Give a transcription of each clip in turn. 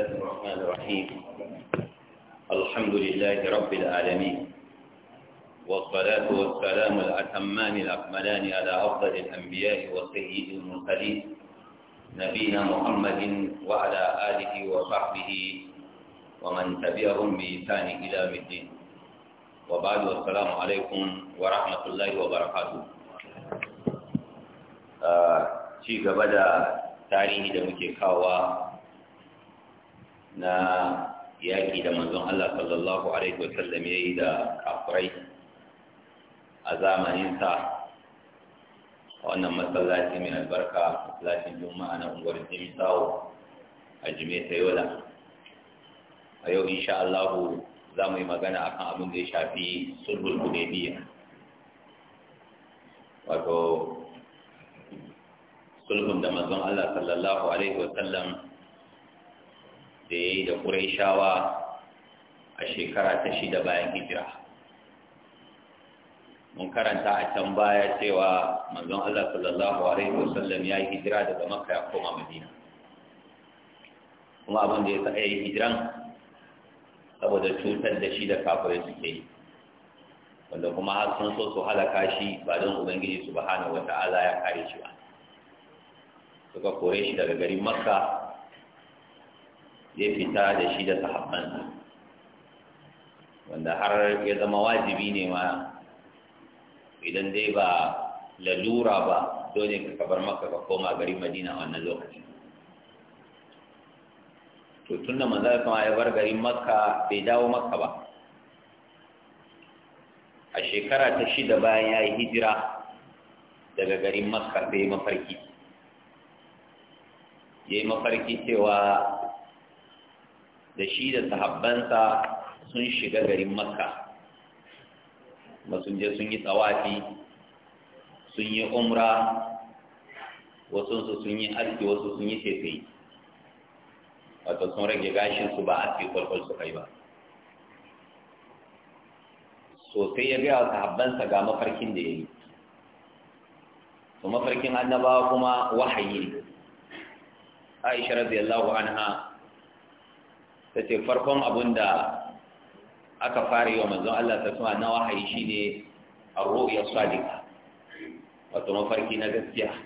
الله الرحمن الرحيم الحمد لله رب العالمين والصلاة والسلام الأتمان الأكملان على أفضل الأنبياء وسيد المرسلين نبينا محمد وعلى آله وصحبه ومن تبعهم بإحسان إلى الدين وبعد والسلام عليكم ورحمة الله وبركاته ci gaba da tarihi da muke kawa na yaƙi da manzon Allah sallallahu alaihi wasallam ya yi da kafirai a zamaninsa a wannan masallaci mai albarka masallacin juma'a na unguwar jimisawo a ta yola a yau insha Allah za mu yi magana akan abin da ya shafi sulhul hudaybiya wato sulhun da manzon Allah sallallahu alaihi wasallam da ya yi da ƙuraishawa a shekara ta shida bayan hijira mun karanta a can baya cewa manzon Allah sallallahu alaihi wasallam ya yi hijira daga makka ya koma madina kuma abin da ya sa yi hijiran saboda cutar da shi da kafirai suke yi wanda kuma har sun so su halaka shi ba don ubangiji subhanahu wata'ala ya kare shi ba suka kore shi daga garin makka Zai fita da shi da sahabbansa wanda har ya zama wajibi ne ma idan dai ba lalura ba dole ka bar maka ka koma gari madina wannan lokaci to da manzo kuma ya bar garin makka bai dawo makka ba a shekara ta shida bayan ya yi hijira daga garin makka bai mafarki ya yi mafarki cewa da shi da sahabbansa sun shiga garin makka ba sun sun yi tsawafi sun yi umra wasu sun yi aski wasu sun yi fefe wato sun rage gashin su ba fi kwalkwal su kai ba sosai ya gaya wa sahabbansa ga mafarkin da ya yi su mafarkin annabawa kuma wahayi aisha radiyallahu anha ta ce farkon abun da aka fara yi wa manzon Allah ta suna na wahayi ne a ruya sadiqa wato mafarki na gaskiya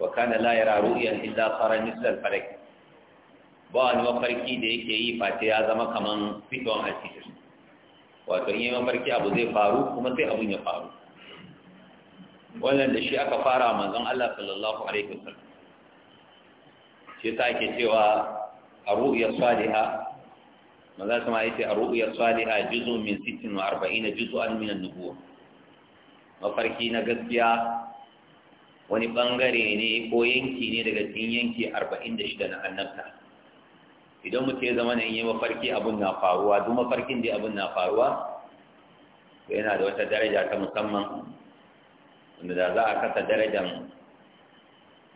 wa kana la yara ru'yan illa fara misal farak ba wani mafarki da yake yi face ya zama kaman fitowar alfitir wato in yi mafarki abu zai faru kuma sai abun ya faru wannan da shi aka fara manzon Allah sallallahu alaihi wasallam shi ta ke cewa الرؤيا الصالحة ماذا سمع يتي الرؤيا الصالحة جزء من ست وأربعين جزءا من النبوة mafarki na gaskiya wani bangare ne ko yanki ne daga cikin yanki arba'in da shida an nafta. idan mutum ya zama na yi mafarki abun na faruwa duk mafarkin da abun na faruwa to yana da wata daraja ta musamman wanda da za a kasa darajan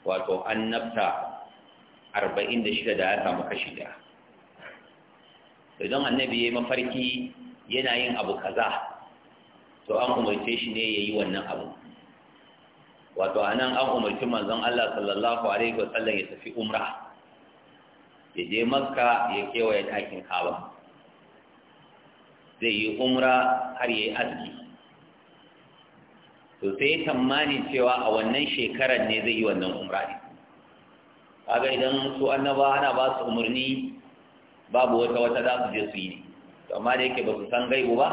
wato annabta arba'in da shida da ya samu kashi daya idan annabi ya yi mafarki yana yin abu kaza to an umarce shi ne ya yi wannan abu wato a nan an umarci manzon Allah sallallahu alaihi wasallam ya tafi umra ya je makka ya kewaye ɗakin kaba zai yi umra har ya yi aski to sai ya cewa a wannan shekarar ne zai yi wannan umra ne kaga idan su annaba ana ba su umarni babu wata wata za su je su yi to amma da yake ba su san gaibu ba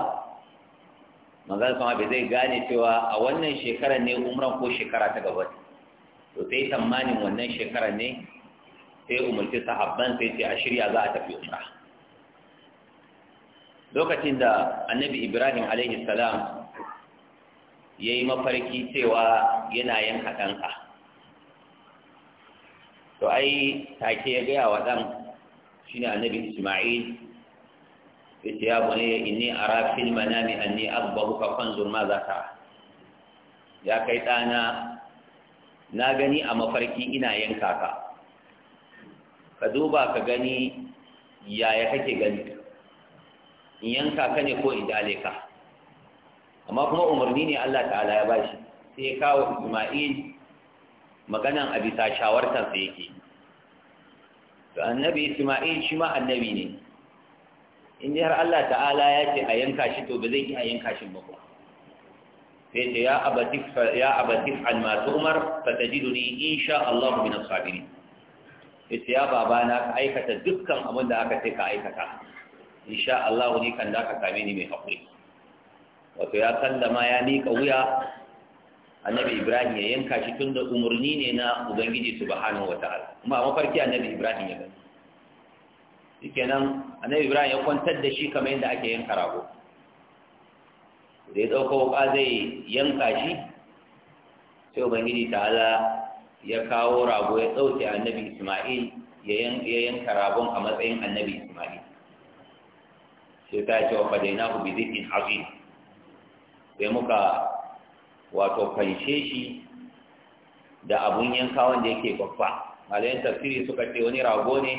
manzon sama bai zai gane cewa a wannan shekarar ne umran ko shekara ta gaba to sai tsammanin wannan shekarar ne sai umarci sahabban sai ce a shirya za a tafi umra lokacin da annabi ibrahim alaihi salam ya yi mafarki cewa yana yanka ɗanka to ai take ya gaya wa ɗan shi ne annabi isma'il ce ya bani inni ara fil manami anni aghbahu fa fanzur za ta ya kai ɗana na gani a mafarki ina yanka ka ka duba ka gani yaya kake gani in yanka ka ne ko in dale ka amma kuma umarni ne Allah ta'ala ya bashi sai ya kawo Isma'il maganan a bisa shawartarsa yake to annabi isma'il shi ma annabi ne in har Allah ta'ala ya ce a yanka shi to ba zai iya yanka shi ba ko sai ce ya abati ya abati an ma tu'mar fatajiduni insha Allah min as-sabirin yace ya baba na ka aikata dukkan abin da aka ce ka aikata insha Allah ni kan da ka same ni mai hakuri wato ya sallama ya mika wuya annabi ibrahim ya yanka shi tun da umarni ne na ubangiji subhanahu ta'ala kuma a mafarki annabi ibrahim ya gani kenan annabi ibrahim ya kwantar da shi kamar yadda ake yanka rago da ya ɗauka wuƙa zai yanka shi sai ubangiji ta'ala ya kawo rago ya ɗauke annabi isma'il ya yanka ragon a matsayin annabi isma'il sai ta ce wa fadaina ku zikin hafi sai muka wato fanshe shi da abun yanka wanda yake babba malayan tafsiri suka ce wani rago ne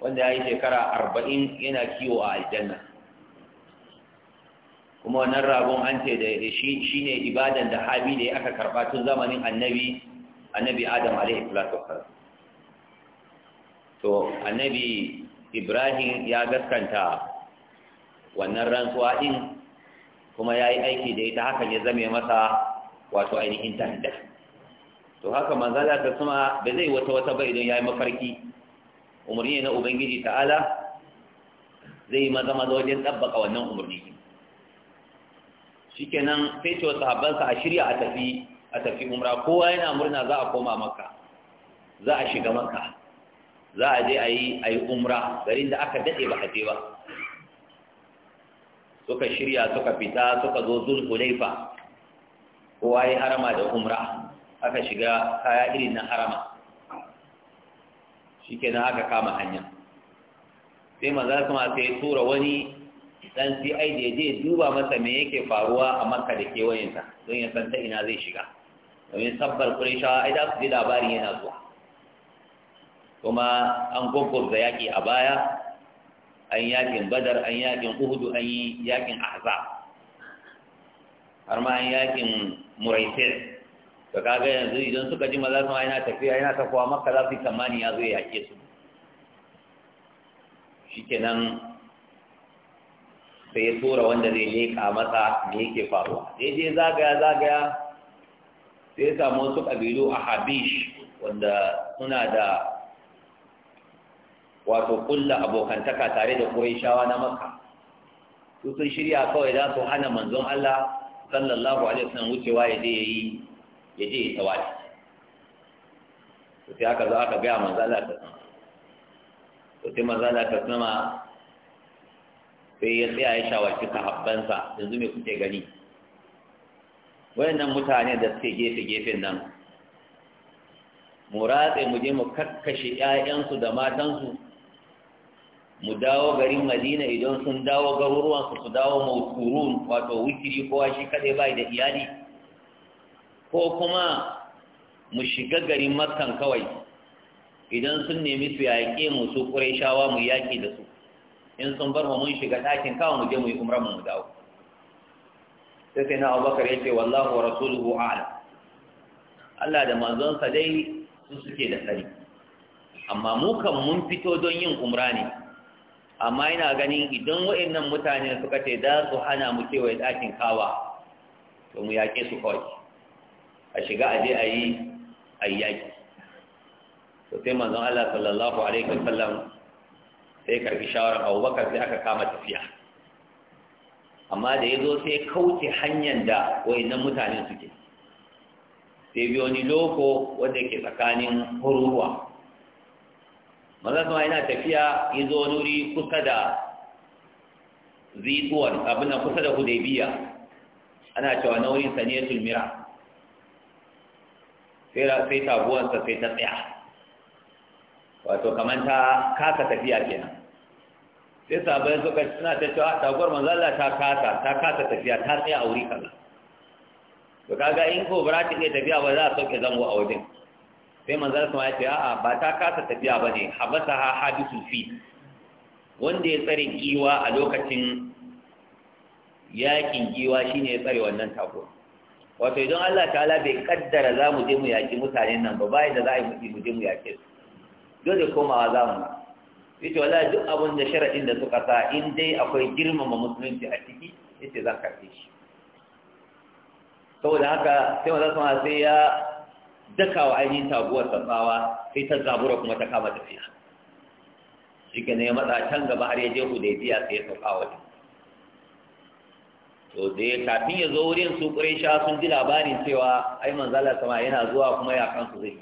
wanda ya yi shekara arba'in yana kiwo a aljanna kuma wannan ragon an ce da shi ne ibadan da habi da aka karɓa tun zamanin annabi annabi adam alaihi salatu to annabi ibrahim ya gaskanta wannan rantsuwa din kuma ya yi aiki da ita hakan ya zame masa wato ainihin tahida to haka za ta suma ba zai wata wata ba idan ya yi mafarki umarni na ubangiji ta'ala zai yi maza maza wajen ɗabbaka wannan umarni shikenan sai ce wasu a shirya a tafi a tafi umra kowa yana murna za a koma maka za a shiga maka za a je a yi umra garin da aka daɗe ba a je ba suka shirya suka fita suka zo zulhulaifa kowa ya harama da umra aka shiga kaya irin na harama shi nan aka kama hanya sai maza kuma sai tura wani dan ai da je duba masa me yake faruwa a makka da kewayensa, don ya san ina zai shiga domin sabbar kurishawa ai da su ji labarin yana zuwa kuma an gogor da yaƙi a baya an yakin badar an yakin uhudu an yi yakin ahza har ma an yakin muraisir to kaga yanzu idan suka ji maza sama yana tafiya yana kowa maka za su yi tsammani ya zo ya yake su shikenan sai ya tura wanda zai leƙa masa me yake faruwa daidai zagaya zagaya sai ya samu wasu ƙabilu a habish wanda suna da wato kulla abokantaka tare da shawa na Makka su sun shirya kawai za su hana manzon Allah sallallahu alaihi wasallam wucewa ya je yi ya je ya tawali sai aka zo aka gaya manzon Allah ta sama to sai manzon Allah ta sama sai ya tsaya ya shawarci sahabbansa yanzu me kuke gani wayannan mutane da suke gefe gefen nan mu ratse mu je mu kakkashe ƴaƴansu da matansu mu dawo garin madina idan sun dawo garuruwansu su dawo mauturun wato wikiri kowa shi kaɗai bai da iyali ko kuma mu shiga garin makkan kawai idan sun nemi su yaƙe mu su shawa mu yaƙi da su in sun bar mu mun shiga ɗakin kawai mu je mu yi umrar mu dawo sai sai na abubakar ya ce wallahu wa rasuluhu a'lam Allah da manzonsa dai su suke da tsari amma mu kan mun fito don yin umra ne amma ina ganin idan waɗannan mutane suka ce za su hana mu kewaye ɗakin kawa to mu yaƙe su kawai a shiga aje a yi a yaƙi to sai manzon Allah sallallahu alaihi sallam sai karbi shawarar abubakar sai aka kama tafiya amma da ya zo sai kauce hanyar da waɗannan mutane suke sai biyo ni loko wanda ke tsakanin huruwa manzon kuma yana tafiya ya zo wani wuri kusa da zitsuwan abin nan kusa da hudaybiya ana cewa na wurin saniyatul mira sai sai taguwansa sai ta tsaya wato kamar ta kasa tafiya kenan sai sabai suka suna ta cewa ah, taguwar manzon Allah ta kasa ta kasa tafiya ta tsaya a wuri kaza to kaga in ko ba ta iya tafiya ba za a sauke zango a wajen sai manzon sama ya ce a'a ba ta kasa tafiya ba ne habasa ha hadisu sufi wanda ya tsare giwa a lokacin yakin giwa shine ya tsare wannan tako wato idan Allah ta'ala bai kaddara za mu je mu yaƙi mutanen nan ba bayan da za a yi mu je mu yake su dole komawa za mu ce wala duk abin da sharaɗin da suka sa in dai akwai girmama musulunci a ciki yace zan karfe shi saboda haka sai wanda kuma sai ya dakawa ainihin taguwar tsatsawa sai ta zabura kuma ta kama tafiya shi ke ne ya matsa can gaba har ya je hudaybiya sai ya sauka wajen to da ya kafin ya zo wurin su ƙuraisha sun ji labarin cewa ai manzala sama yana zuwa kuma ya kansu zai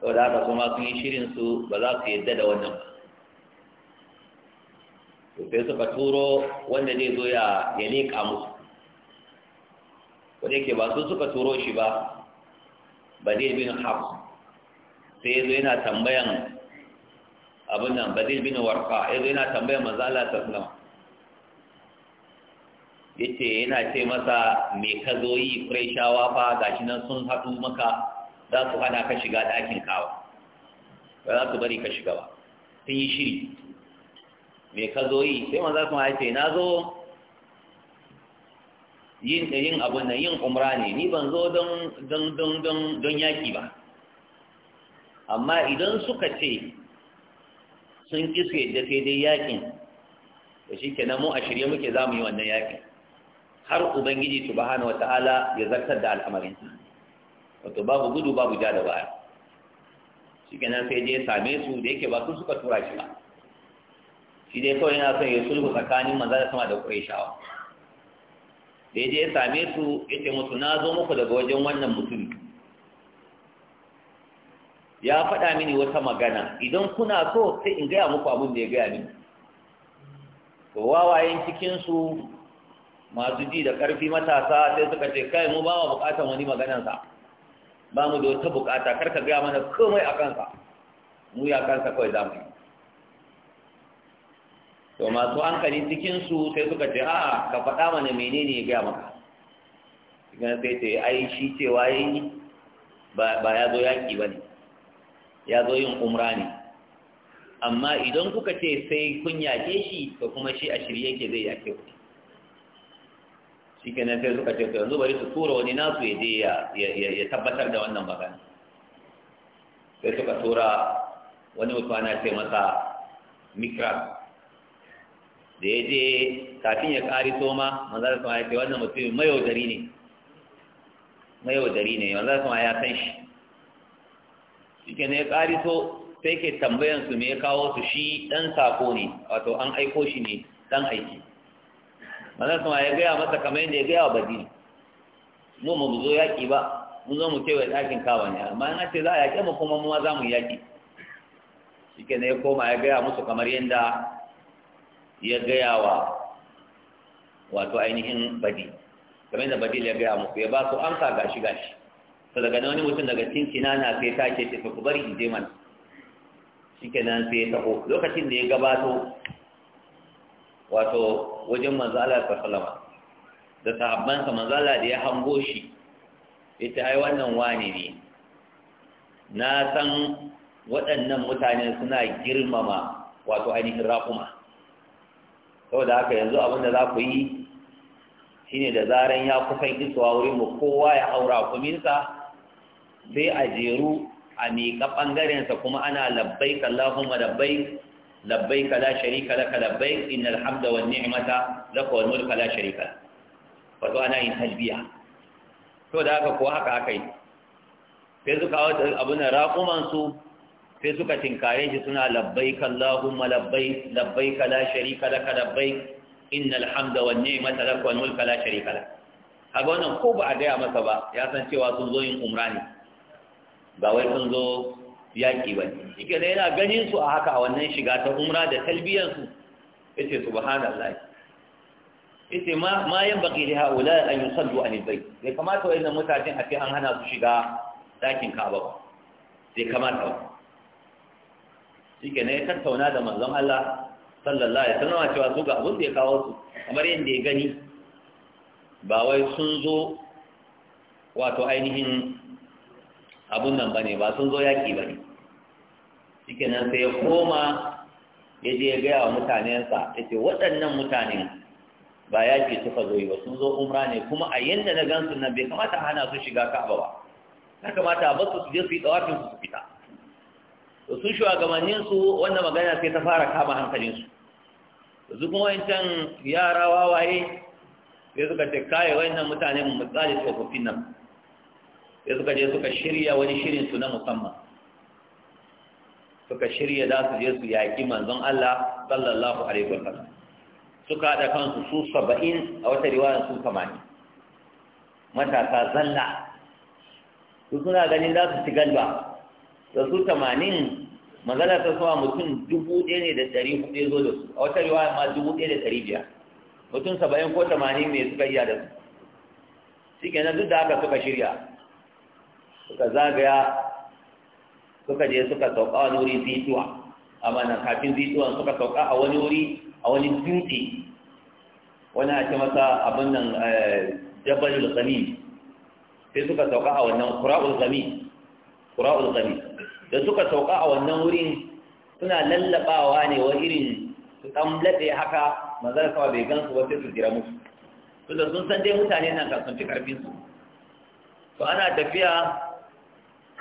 to da haka kuma sun yi shirin su ba za su yadda da wannan ba to sai suka turo wanda zai zo ya ya leƙa musu ko da yake ba su suka turo shi ba badil bin hafs sai yazo yana tambayan abin nan badil bin warqa yazo yana tambayan manzo Allah Ya yace yana ce masa me ka zo yi freshawa fa gashi nan sun haɗu maka za su hana ka shiga ɗakin kawa ba za su bari ka shiga ba sun yi shiri me ka zo yi sai manzo Allah ya ce na zo yin da yin abun nan yin umra ne ni ban zo don don don don don yaki ba amma idan suka ce sun ki da yadda sai dai yakin da shi kenan mu a shirye muke za mu yi wannan yakin har ubangiji subhanahu wata'ala ya zartar da ta, wato babu gudu babu ja da baya shi kenan sai dai same su da yake ba su suka tura shi ba shi dai kawai yana son ya sulhu tsakanin manzo da sama da qurayshawa da ya je ya same su ya ce musu na zo muku daga wajen wannan mutum ya faɗa mini wata magana idan kuna so sai in gaya muku abin da ya gaya mini to wawayen cikinsu masu ji da ƙarfi matasa sai suka ce kai mu ba mu buƙatar wani maganansa ba mu da wata buƙata kar ka gaya mana komai a kansa mu ya kansa kawai za yi to masu hankali cikinsu sai suka ce a ka faɗa mana menene ya gaya maka gana sai ce ai shi cewa yi ba ya zo yaƙi ba ne ya zo yin umra ne amma idan kuka ce sai kun yaƙe shi to kuma shi a shirye ke zai yaƙe ku shi sai suka ce to yanzu bari su tura wani nasu ya je ya tabbatar da wannan magana sai suka tura wani mutum ana ce masa mikras da ya je kafin ya ƙari soma manzara sama ya ce wannan mutumin mayaudari ne mayaudari ne manzara sama ya san shi shi ke ne ya ƙari so sai ke tambayan su me ya kawo su shi ɗan sako ne wato an aiko shi ne ɗan aiki manzara sama ya gaya masa kamar yadda ya gaya wa badini mu mu zo yaƙi ba mun zo mu wa ɗakin kawo ne amma in ce za a yaƙe mu kuma mu ma za mu yaƙi shi ke ne ya koma ya gaya musu kamar yadda ya gaya wa wato ainihin badi kamar da badil ya gaya muku ya ba su amsa gashi gashi to daga wani mutum daga tinkina na sai ta ce ta ku bari in je mana shikenan sai ya taho lokacin da ya gabato wato wajen manzo Allah salama da sahabbansa manzo Allah da ya hango shi ita ai wannan wani ne na san waɗannan mutane suna girmama wato ainihin raƙuma saboda haka yanzu abin da za ku yi shine da zaren ya kusan isuwa wurin mu kowa ya haura kuminsa sai a jeru a miƙa ɓangarensa kuma ana labbai kallahumma labbai labbai kala sharika laka labbai ina alhamdu wa ni'mata laka wal kala shari'a, sharika wato ana yin talbiya to da haka ko haka yi sai suka kawo abin da raƙumansu. sai suka tinkare shi suna kallahu ma labbai, labbai kala sharika laka labbaik innal hamda wan ni'mata lak wal mulka la sharika lak kaga wannan ko ba a gaya masa ba ya san cewa sun zo yin umra ne ba wai sun zo yaƙi ba ne da yana ganin su a haka a wannan shiga ta umra da talbiyan su. yace subhanallah yace ma ma yan baƙi da haula an yi an a nibai bai kamata wa mutanen a fi an hana su shiga ɗakin ka'aba ba bai kamata ba shike ne ya tattauna da manzon Allah sallallahu alaihi wasallam cewa su ga abin da ya kawo su kamar yadda ya gani ba wai sun zo wato ainihin abun nan bane ba sun zo yaki bane shike nan sai ya koma ya je ya gaya wa mutanensa ya ce waɗannan mutane ba ya ce suka zo yi ba sun zo umra ne kuma a yadda na gansu nan bai kamata hana su shiga ka'aba ba ya kamata a basu su je su yi tsawafin su fita da su shugabannin su wannan magana sai ta fara kama hankalin su yanzu kuma wancan yara wawaye sai suka ce kai wannan mutane mu misali tsofaffin nan sai suka je suka shirya wani shirin su na musamman suka shirya za su je su yaƙi manzon Allah sallallahu alaihi wa sallam suka haɗa kansu su saba'in a wata riwayar su kamani matasa zalla su suna ganin za su ci galba da su tamanin magana ta sawa mutum dubu ɗaya ne da ɗari hudu ya zo da su a wata riwaya ma dubu ɗaya da ɗari biyar mutum saba'in ko tamanin ne suka iya da su shi kenan duk da haka suka shirya suka zagaya suka je suka sauka wani wuri zituwa amma na kafin zituwa suka sauka a wani wuri a wani dutse wani a ce masa abin nan eh, jabalul sami sai suka sauka a wannan qura'ul sami. qura'ul ghani da suka sauka a wannan wurin suna lallabawa ne wa irin su dan haka manzon sama bai gan su ba sai su jira musu su da sun san dai mutane nan ka sun ci karfin su to ana tafiya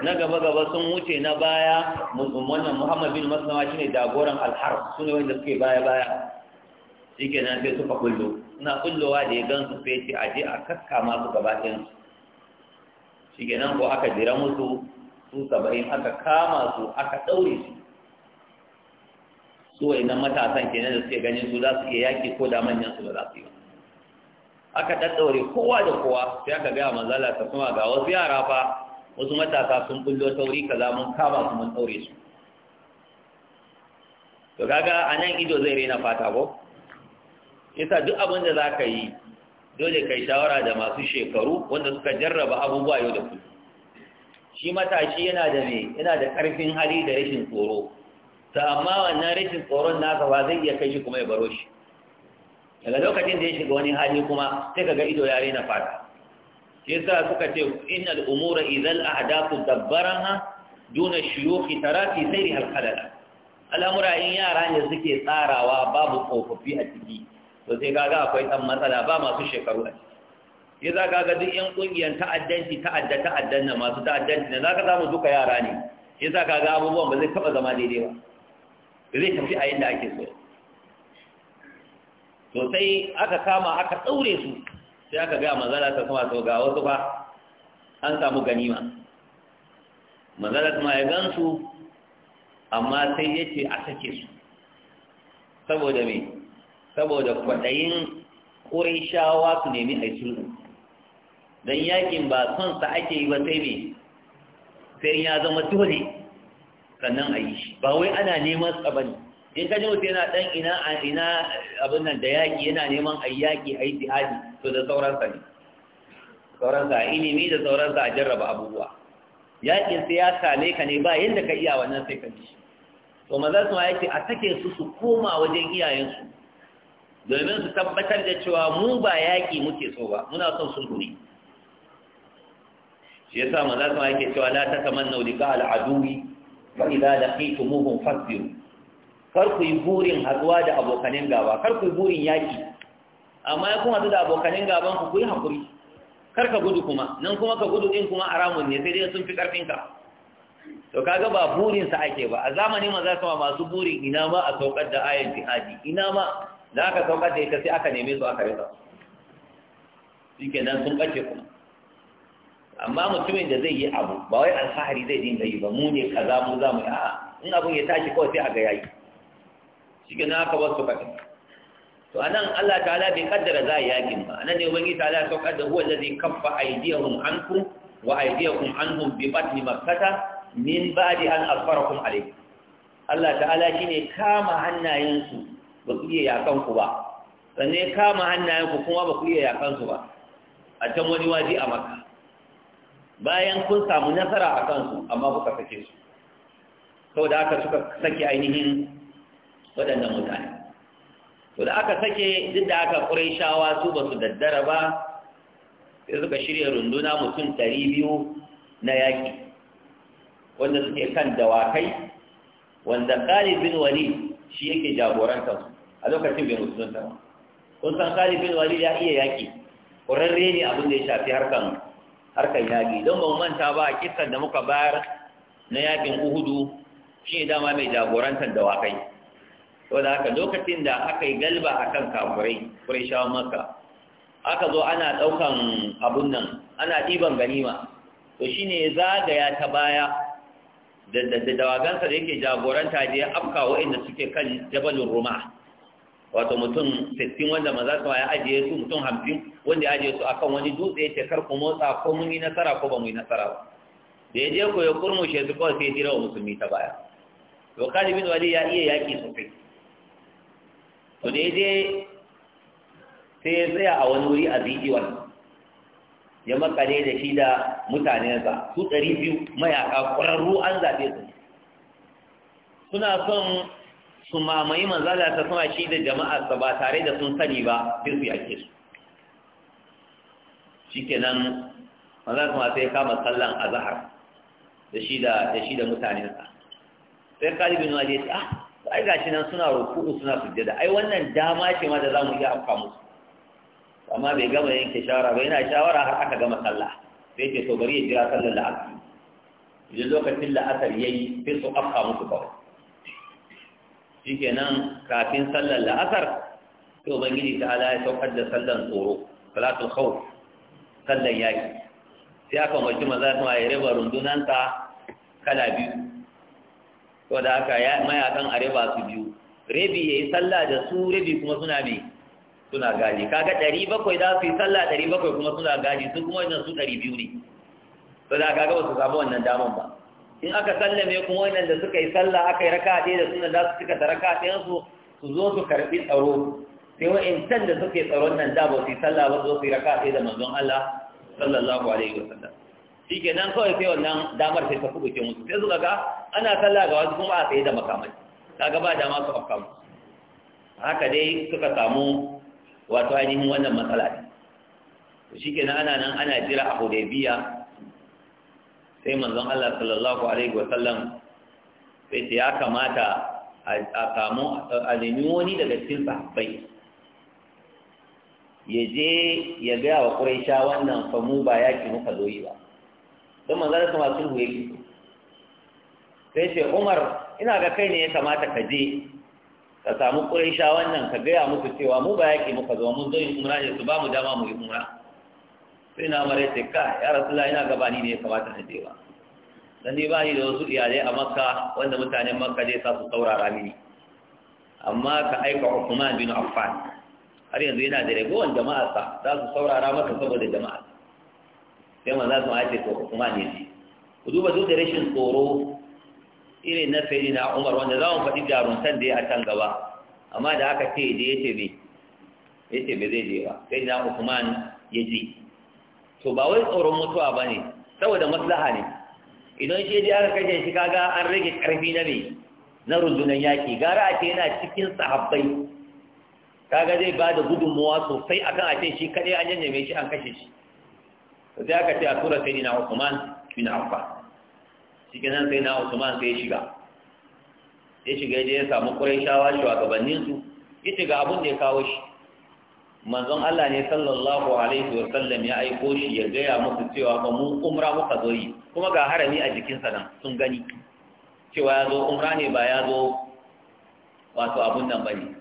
na gaba gaba sun wuce na baya wannan Muhammad bin shi shine jagoran alhar su ne wanda suke baya baya shikenan sai suka kullo suna kullowa da ya gansu sai ce aje a kaska masu gaba shi ke shikenan ko aka jira musu su saba'in aka kama su aka ɗaure su su wa'innan matasan kenan da suke ganin su za su iya yaƙi ko da manyan su ba za su yi aka ɗaɗɗaure kowa da kowa sai aka gaya manzala ta kuma ga wasu yara fa wasu matasa sun bullo tauri kaza mun kama su mun ɗaure su to kaga a nan ido zai rena fata ko yasa duk abin da za ka yi dole kai shawara da masu shekaru wanda suka jarraba abubuwa yau da kullum shi matashi yana da me yana da ƙarfin hali da rashin tsoro ta amma wannan rashin tsoron nasa ba zai iya kai shi kuma ya baro shi daga lokacin da ya shiga wani hali kuma sai ka ga ido ya na fata shi yasa suka ce innal al'umura idan ahdathu dabbaraha duna shuyukhi tara fi sayri al al'amura in yara ne suke tsarawa babu tsofaffi a ciki to sai kaga akwai dan matsala ba masu shekaru a ciki ya za ka ga duk yan ƙungiyar ta'addanci ta'adda ta'addan na masu ta'addanci na? za ka samu duka yara ne ya za ka ga abubuwan ba zai taɓa zama daidai ba zai tafi a yadda ake so sosai aka kama aka ɗaure su sai aka gaya mazala ta kuma sau ga wasu ba an samu ganima manzala kuma ya gan su amma sai ya ce a sake su saboda me saboda kwaɗayin ƙurai shawa su nemi a sulhu don yakin ba son sa ake yi ba sai ne sai ya zama dole sannan a yi shi ba wai ana neman sa ne in ka ji mutum yana dan ina ina abin nan da yaki yana neman a yaki a yi jihadi to da sauransa ne sauransa a ilimi da sauransa a jarraba abubuwa yakin sai ya kale ka ne ba yadda ka iya wannan sai ka ji to maza su ma yake a sake su su koma wajen iyayensu domin su tabbatar da cewa mu ba yaki muke so ba muna son sulhu ne shi yasa manzo sama yake cewa la tatamannu liqa al-aduwi fa idza laqitumuhum fasbiru kar ku yi burin haɗuwa da abokanin gaba kar ku yi burin yaƙi. amma ya kuma da abokanin gaban ku ku yi haƙuri. kar ka gudu kuma nan kuma ka gudu ɗin kuma haramun ne sai dai sun fi karfin ka to kaga ba burin sa ake ba a zamanin maza ma masu burin ina ma a saukar da ayan jihadi ina ma da aka saukar da ita sai aka neme su aka rika. shi kenan sun ɓace kuma amma mutumin da zai yi abu ba wai alfahari zai dinga yi ba mu ne kaza mu za mu yi a'a in abun ya tashi kawai sai a ga yayi shi ke na aka wasu kaɗan. to a nan Allah ta'ala bai kaddara za a yakin ba A nan ne wani ta'ala ya saukar da huwa zai kaffa an ku, wa an anhum bi batni makkata min ba di an asfarakum alayhi Allah ta'ala ne kama hannayensu ba ku iya yakan ku ba sannan kama hannayenku kuma ba ku iya yakan su ba a can wani waje a makka bayan kun samu nasara a kansu amma kuka sake su sau da aka suka sake ainihin waɗannan mutane to da aka sake duk da aka ƙurai shawa su ba su daddara ba sai suka shirya runduna mutum ɗari biyu na yaƙi wanda suke kan dawakai wanda bin wani shi yake jagorantar a lokacin bai musulunta ba kun san bin wani ya iya yaƙi ƙurarre ne abin da ya shafi harkar harkar yaƙi don ba mu manta ba a kisan da muka bayar na yaƙin uhudu shi ne dama mai jagorantar dawakai to da haka lokacin da aka yi galba a kan kafurai kurai maka aka zo ana ɗaukan abun nan ana ɗiban ganima to shi ne zagaya ta baya da dawagansa da yake jagoranta da ya afka wa'inda suke kan jabalin roma wato mutum 60 wanda maza su waya ajiye su mutum 50 wanda ya ajiye su akan wani dutse ya ce kar ku motsa ko mun yi nasara ko ba mu yi nasara ba da ya je ku ya shi su kawai sai jira wa musulmi ta baya to Khalid bin Walid ya iya yaƙi sosai to da ya je sai ya tsaya a wani wuri a wani. ya makare da shi da mutanensa su ɗari biyu mayaƙa ƙwararru an zaɓe su suna son su mamaye manzala ta sama shi da sa ba tare da sun sani ba sai su yake su nan, maza kuma sai kama sallan a da shi da da shi da mutanensa sai kalibin bin Walid ya ce ah ai gashi nan suna ruku'u suna sujjada ai wannan dama ce ma da zamu iya afka musu amma bai gama yanke shawara ba yana shawara har aka gama sallah sai ke to bari ya jira sallar la'asar idan lokacin la'asar yayi sai su afka musu kawai nan kafin sallar la'asar sai ubangiji ta ala ya saukar da sallar tsoro salatul khawf sallar yaki sai aka umarci maza su ma ya raba rundunanta kala biyu to da aka mayakan a raba su biyu rabi ya yi sallah da su rabi kuma suna mai suna gadi kaga ɗari bakwai za su yi sallah ɗari bakwai kuma suna gadi su kuma wajen su ɗari biyu ne to da ga ba su samu wannan daman ba in aka sallame kuma da suka yi sallah aka yi raka'a ɗaya da sunan da su cika da raka'a ɗayan su su zo su karɓi tsaro sai wa'incan da suke tsaron nan da ba su yi sallah ba zo su yi raka'a ɗaya da manzon Allah sallallahu alaihi wasallam shi ke nan kawai sai wannan damar sai ta ke musu sai suka ga ana sallah ga wasu kuma a tsaye da makamai kaga ba dama su afka musu haka dai suka samu wato ainihin wannan matsala ne shi ke nan ana nan ana jira a hudaibiya sai manzon Allah sallallahu alaihi wasallam sai ce ya kamata a samu a wani daga cikin sahabbai ya je ya gaya wa ƙuraisha wannan famu ba yaƙi muka zo yi ba don manzon sama sun yake sai ce Umar ina ga kai ne ya kamata ka je ka samu ƙuraisha wannan ka gaya musu cewa mu ba yaƙi muka zo mun zo yin umra ne su ba mu dama mu yi umra sai na mara ce ka ya rasulullah ina gabani ne ya kamata na je ba dan ni bani da wasu iyalai a makka wanda mutanen makka zai sa su saurara mini amma ka aika Uthman bin Affan har yanzu yana da ragowar jama'arsa za su saurara maka saboda jama'a sai za su ma'aice ko hukuma ne ku duba duk da rashin tsoro irin na na Umar wanda za mu faɗi jaruntan da ya a can gaba amma da aka ce da yace me yace zai je ba na hukuma ya je to ba wai tsoron mutuwa ba ne saboda maslaha ne idan shi ya aka kashe shi kaga an rage karfi na me na rundunar yaki gara a ce yana cikin sahabbai kaga zai ba da gudunmuwa sosai akan a ce shi kaɗai an yanyame shi an kashe shi to sai aka ce a tura sai na usman bin affan cikin nan sai na usman sai ya shiga ya shiga ya je ya samu ƙurayshawa shugabanninsu ya shiga abin da ya kawo shi manzon Allah ne sallallahu alaihi wa sallam ya aiko shi ya gaya musu cewa ba mu umra muka zo yi kuma ga harami a jikinsa nan sun gani cewa ya zo umra ne ba ya zo wato abun nan bane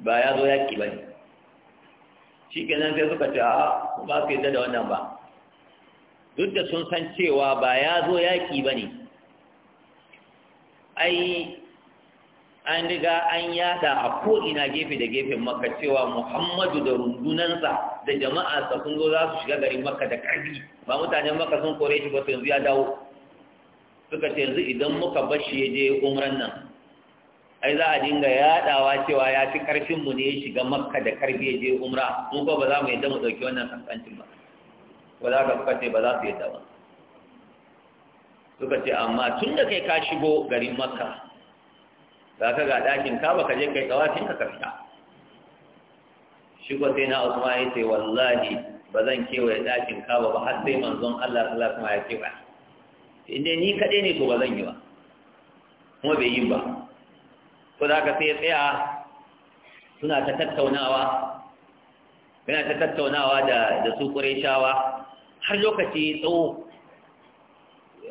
ba ya zo yaƙi bane shi kenan sai suka ce a ba su yadda da wannan ba duk da sun san cewa ba ya zo yaƙi bane ai an riga an yada a ko'ina gefe da gefen maka cewa muhammadu da rundunansa da sa sun zo za su shiga garin maka da ƙarfi ba mutanen maka sun kore shi ba yanzu ya dawo suka ce yanzu idan muka bashi ya je umran nan ai za a dinga yadawa cewa ya fi ƙarfinmu ne ya shiga makka da ƙarfi ya je umra mu ko ba za mu yadda mu ɗauki wannan kankancin ba ba za ka suka ce ba za su yadda ba suka ce amma tun da kai ka shigo garin makka ga ka ga ɗakin ka ka je kai tsawafin ka kafta shi ko sai na Usman ya ce wallahi ba zan kewaye ɗakin ka ba har sai manzon Allah sallallahu alaihi wasallam ya inda ni kaɗai ne to ba zan yi ba kuma bai yi ba ko za ka sai tsaya suna ta tattaunawa yana ta tattaunawa da da su Qurayshawa har lokaci tsawo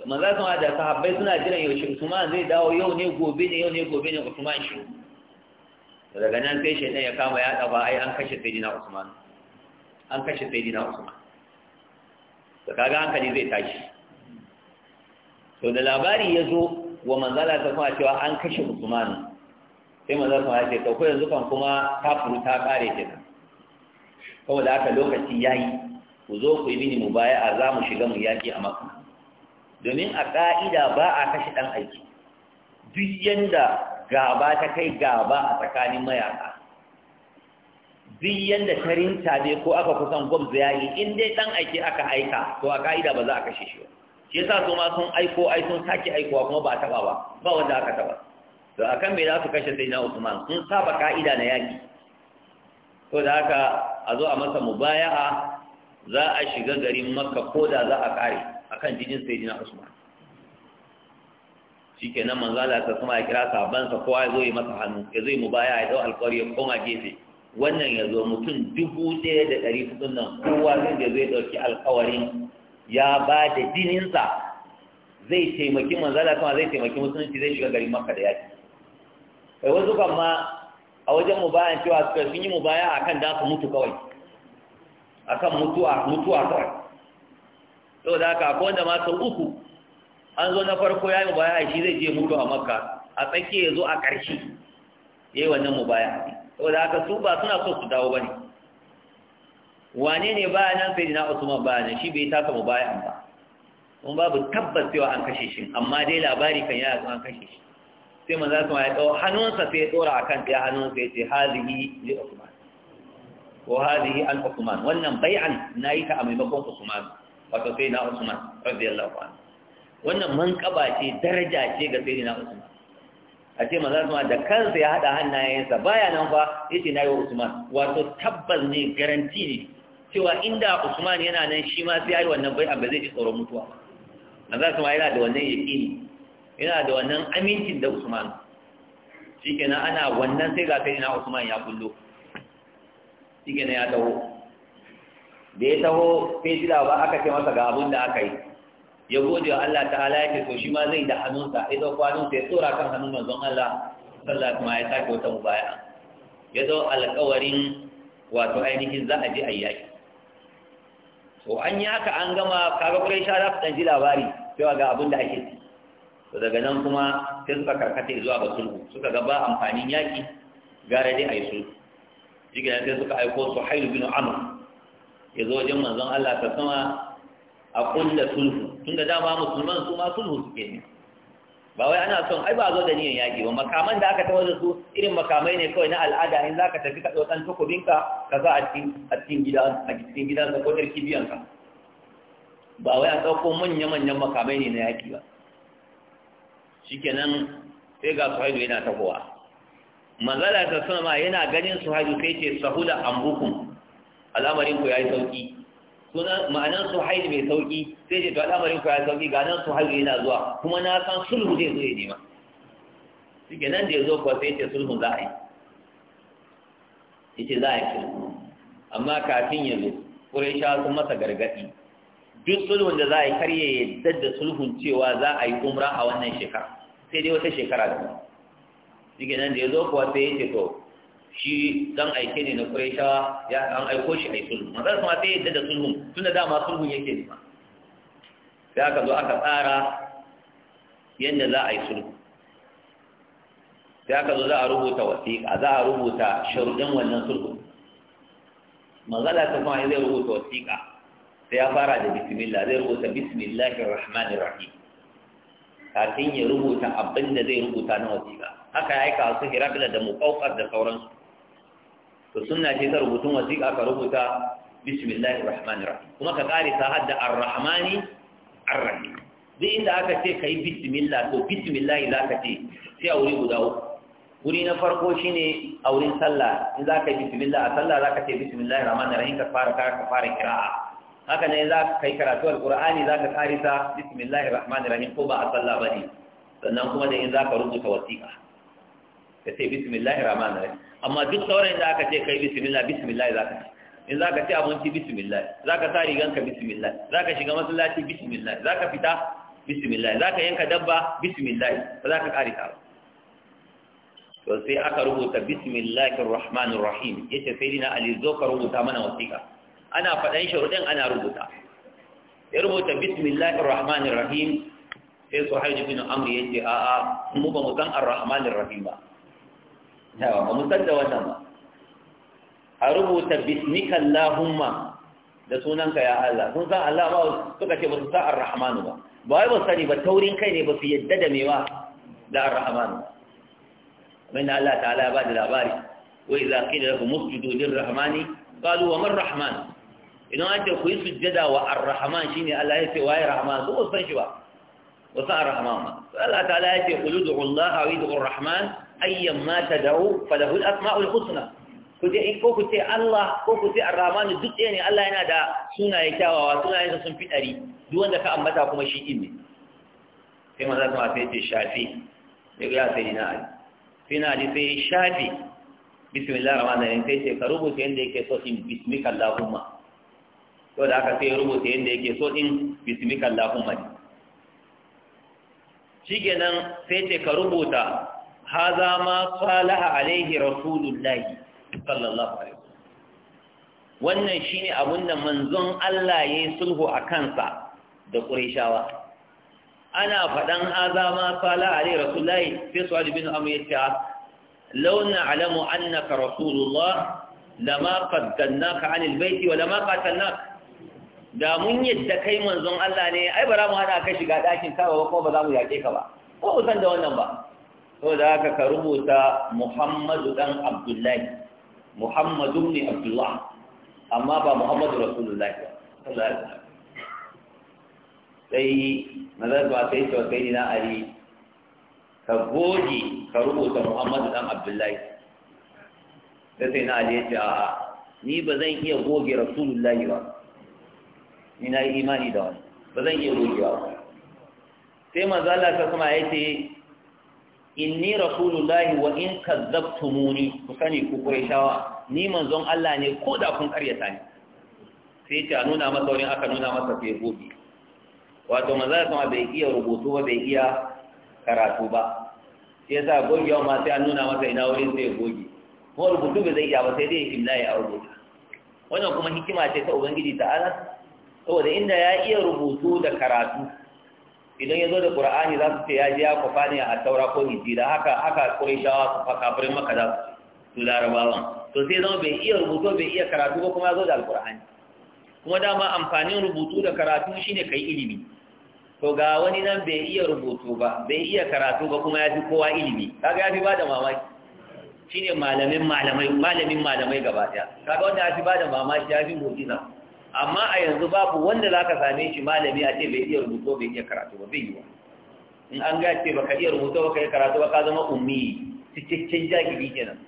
manzo sama da sahabbai suna jiran yaushe Usman zai dawo yau ne gobe ne yau ne gobe ne Usman shi daga nan sai ne ya kama ya dafa ai an kashe na Usman an kashe sayyidina Usman to kaga hankali zai tashi to da labari ya zo wa manzala ta kuma cewa an kashe Usman sai manza sama ya ce to ko yanzu kan kuma ta furu ta kare kenan saboda haka lokaci ya yi ku zo ku yi mini mu a za mu shiga mu yaƙi a Makka domin a ƙa'ida ba a kashe ɗan aiki duk yanda gaba ta kai gaba a tsakanin mayaka duk yanda ta rinta ne ko aka kusan gwamza yayi inda ya ɗan aiki aka aika to a ƙa'ida ba za a kashe shi ba shi yasa su ma sun aiko ai sun sake aikowa kuma ba a taɓa ba ba wanda aka taɓa. to kan me za su kashe sai na Usman sun saba ka'ida na yaƙi. Ko da haka a zo a masa mubaya'a za a shiga garin Makka ko da za a ƙare. akan jinin dina usman nan manzo Allah ta kuma ya kira sahabban sa kowa ya zo yi masa hannu ya zo yi mubaya ya dau alƙawari ya koma gefe wannan ya zo mutum dubu ɗaya da ɗari hudu nan kowa zai da zai ɗauki alƙawarin ya ba da jininsa zai taimaki manzo Allah kuma zai taimaki musulunci zai shiga garin Makka da yaki kai wasu kan ma a wajen mubayan cewa suka sun yi mubaya akan da su mutu kawai akan mutuwa mutuwa kawai to da haka akwai wanda ma uku an zo na farko ya yi mubaya shi zai je mutu a makka a tsakiya ya zo a ƙarshe ya yi wannan mubaya to da haka su ba suna so su dawo ba ne wane ne baya nan sai na usman baya nan shi bai taka mubaya ba kuma babu tabbas cewa an kashe shi amma dai labari kan yaya an kashe shi sai man za su ma ya ɗau hannunsa sai ya ɗora a kan ɗaya hannunsa ya ce hazihi li usman ko hazihi an usman wannan bai'an na yi ta a maimakon usman wato sai na Usman radiyallahu anhu wannan manƙaba ce daraja ce ga sai na Usman a ce manzon Usman da kansa ya haɗa hannayensa baya nan fa yace na yi Usman wato tabbas ne garanti ne cewa inda Usman yana nan shi ma sai ya yi wannan bai ba zai ji tsoron mutuwa manzon Usman yana da wannan yaƙini yana da wannan amincin da Usman shikenan ana wannan sai ga sai na Usman ya kullo shikenan ya dawo da ya taho sai ba aka ce masa ga abin da aka yi ya gode wa Allah ta'ala ya ce to shi ma zai da hannunsa ya zo sai tsora kan hannun manzon Allah sallallahu alaihi ya sake wata mubaya ya zo alƙawarin wato ainihin za a je a yaki to an yi haka an gama kaga kurai sha za su ɗan ji labari cewa ga abin da ake ci to daga nan kuma sai suka karkata zuwa ga sulhu suka ga ba amfanin yaki gara dai a yi sulhu shi sai suka aiko su hailu bin amur ya zo wajen manzon Allah ta sama a kulla sulhu tunda dama musulman su ma sulhu suke ne ba wai ana son ai ba zo da niyan yaƙi ba makaman da aka tawo da su irin makamai ne kawai na al'ada in za ka tafi ka ɗaukan takobin ka za a cikin gida a cikin gida ka ko ɗarki biyanka ba wai a ɗauko manya-manyan makamai ne na yaƙi ba shikenan sai ga suhaidu yana tafowa manzala ta sama yana ganin suhaidu sai ce sahula amrukum al'amarin ku yayi sauki sunan ma'anan suhail mai sauki sai ce to al'amarin ku yi sauki ga nan suhail yana zuwa kuma na san sulhu zai zo ya nema shike nan da ya zo kuwa sai ce sulhu za a yi yace za a yi sulhu amma kafin ya zo sha sun masa gargadi duk sulhun da za a yi karye ya yadda sulhun cewa za a yi umra a wannan shekara sai dai wata shekara da shike nan da ya zo kuwa sai ya ce to shi dan aike ne na Quraishawa ya an aiko shi ai sulhu manzon kuma sai yadda da sulhun tunda dama sulhun yake ne sai aka zo aka tsara yadda za a yi sulhu sai aka zo za a rubuta wasiƙa za a rubuta sharuɗin wannan sulhu manzala ta kuma zai rubuta wasiƙa sai ya fara da bismillah zai rubuta bismillahir rahmanir rahim kafin ya rubuta abin da zai rubuta na wasiƙa haka ya yi kawo su hirakla da muƙaukar da sauransu to sunna ce ta rubutun wasiƙa ka rubuta bismillahir rahmanir rahim kuma ka kare ta hadda ar-rahmani ar-rahim duk inda aka ce kai bismillah to bismillah za ka ce sai a wuri guda uku wuri na farko shine a wurin sallah in za ka yi bismillah a sallah za ka ce bismillahir rahmanir rahim ka fara ka fara kira'a haka ne za ka yi karatu alqur'ani za ka kare ta bismillahir rahmanir rahim ko ba a sallah bane sannan kuma da in za ka rubuta wasiƙa ka ce bismillahir rahmanir rahim amma duk sauran da aka ce kai bismillah bismillah za ka ce in za ka ci abinci bismillah za ka sa riganka bismillah za ka shiga masallaci bismillah za ka fita bismillah za ka yanka dabba bismillah ba za ka kare ta to sai aka rubuta bismillahir rahmanir rahim yace sai dina ali zo ka rubuta mana wasiƙa ana faɗan sharuɗin ana rubuta ya rubuta bismillahir rahmanir rahim sai sahaji bin amri yace a'a mu ba mu san ar-rahmanir rahim ba yawa ba mu da wannan ba a rubuta bismika allahumma da sunanka ya Allah sun san Allah ba suka ce ba su san ar-rahmanu ba ba wai ba sani ba taurin kai ne ba su yadda da mewa da ar-rahmanu min Allah ta'ala ya ba da labari wa idza qila lahum usjudu lir-rahmani qalu wa man rahman idan an ce ku yi sujjada wa ar-rahman shine Allah ya ce waye rahman su ba san shi ba wa san ar-rahman Allah ta'ala ya ce qul ud'u Allah wa ud'u rahman ayyan ma ta da'u falahul asma'ul husna ku je ko ku ce Allah ko ku ce Ar-Rahman duk ɗaya ne Allah yana da sunaye kyawawa sunayensa sun fi ɗari duk wanda ka ambata kuma shi ɗin ne sai maza kuma sai ce shafi sai ya sai na ali sai na ali sai shafi bismillah rahman rahim sai ce ka rubuta yadda yake so in bismika allahumma to da aka sai rubuta yadda yake so in bismika allahumma shikenan sai ce ka rubuta haza ma salaha alaihi rasulullahi sallallahu alaihi wannan shine abun da manzon Allah ya yi sulhu a kansa da ƙur'ishawa. ana faɗan haza ma salaha alaihi rasulullahi sai Su'ad bin Amr ya ce law na'lamu annaka rasulullah lama qaddanaka 'anil baiti wa lama qatalnaka da mun yadda kai manzon Allah ne ai bara mu hana ka shiga ɗakin kawo ko ba za mu yaƙe ka ba ko san da wannan ba to da aka ka rubuta muhammadu dan abdullahi muhammadu ne abdullahi amma ba muhammadu rasulullahi ba sai mazar ba sai cewa ni na yi, ka goge ka rubuta muhammadu dan abdullahi sai sai na a ya ce a'a ni ba zan iya goge rasulullahi ba ni na yi imani da wani ba zan iya goge ba sai mazala ta kuma ya ce inni rasulullahi wa in kazzabtumuni ku sani ku kuraishawa ni manzon Allah ne ko da kun karyata ni sai ta nuna masa wurin aka nuna masa sai gobe wato maza sama bai iya rubutu ba bai iya karatu ba sai yasa gogewa ma sai an nuna masa ina wurin sai goge ko rubutu bai zai iya ba sai dai imla ya rubuta wannan kuma hikima ce ta ubangiji ta'ala saboda inda ya iya rubutu da karatu idan ya zo da ƙur'ani za su ce ya ji ya kufa ne a taura ko injila haka haka shawa su fa kafirin maka za su larabawa to sai zama bai iya rubutu bai iya karatu ba kuma ya zo da alƙur'ani. kuma dama amfanin rubutu da karatu shine kai ilimi to ga wani nan bai iya rubutu ba bai iya karatu ba kuma ya fi kowa ilimi kaga ya fi bada mamaki shine malamin malamai malamin malamai gaba daya kaga wanda ya fi bada mamaki ya fi mu'jiza amma a yanzu babu wanda za ka same shi malami a ce bai iya rubuto bai iya karatu ba bai yi wa in an ga ce baka iya rubuto baka iya karatu ba ka zama ummi cikakken jagiri kenan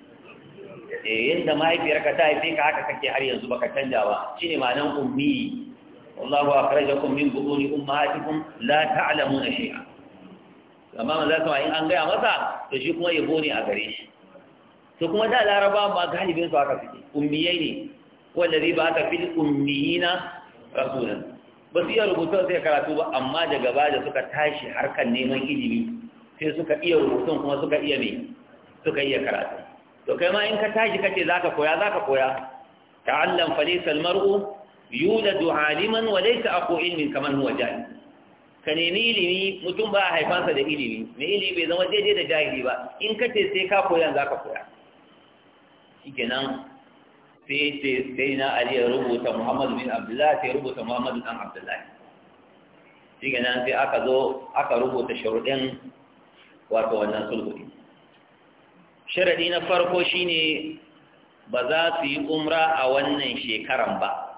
eh yanda mahaifiyarka ta haife ka haka kake har yanzu baka canja ba shine ma'anar ummi wallahu akhrajakum min buduni ummahatikum la ta'lamuna shay'a amma manzo sama in an gaya masa to shi kuma yabo ne a gare shi to kuma da laraba ba galibin su haka suke ummiyai ne wallazi ba ta fil ummiyina rasulan ba su iya rubutu sai karatu ba amma daga baya da suka tashi harkar neman ilimi sai suka iya rubutun kuma suka iya me suka iya karatu to kai ma in ka tashi kace zaka koya zaka koya ta'allam fa laysa al-mar'u yuladu aliman wa laysa aqu ilmin kaman huwa jahil ka nemi ilimi mutum ba haifansa da ilimi mai ilimi bai zama daidai da jahili ba in kace sai ka koya zaka koya shikenan sai ce sai na ali ya rubuta muhammadu bin abdullahi sai rubuta muhammadu dan abdullahi shi nan sai aka zo aka rubuta sharuɗin wato wannan sulhu sharaɗi na farko shine ba za su yi umra a wannan shekaran ba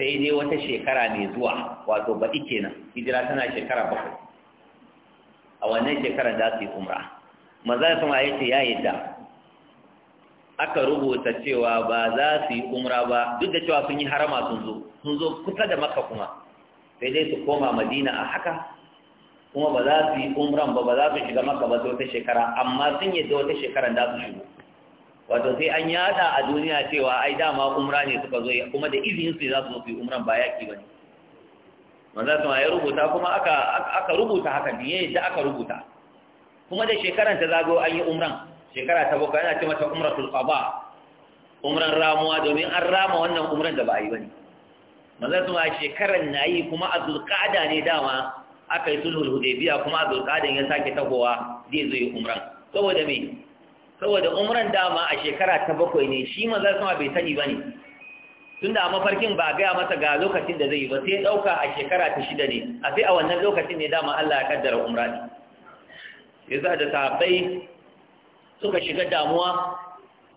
sai dai wata shekara mai zuwa wato baɗi kenan hijira tana shekara bakwai a wannan shekarar za su yi umra maza ya sama ya ce ya yi da aka rubuta cewa ba za su yi umra ba duk da cewa sun yi harama sun zo sun zo kusa da maka kuma sai dai su koma madina a haka kuma ba za su yi umran ba ba za su shiga maka ba sai wata shekara amma sun da wata shekara da su shigo wato sai an yada a duniya cewa ai dama umra ne suka zo ya? kuma da izinin su za su yi umran ba yaki ba ne manzo sun ya rubuta kuma aka aka rubuta haka biye da aka rubuta kuma da shekaran ta zago an yi umran shekara ta bakwai ana ce mata umratul qada umran ramuwa domin an rama wannan umran da ba a yi bane manzo ma shekaran nayi kuma azul qada ne dama aka yi sulhul hudaybiya kuma azul qada ya sake tagowa zai zo yi umran saboda me saboda umran dama a shekara ta bakwai ne shi manzo ma bai sani bane tunda a mafarkin ba gaya masa ga lokacin da zai yi ba sai ɗauka a shekara ta shida ne a sai a wannan lokacin ne dama Allah ya kaddara umra ne ya da sahabbai suka shiga damuwa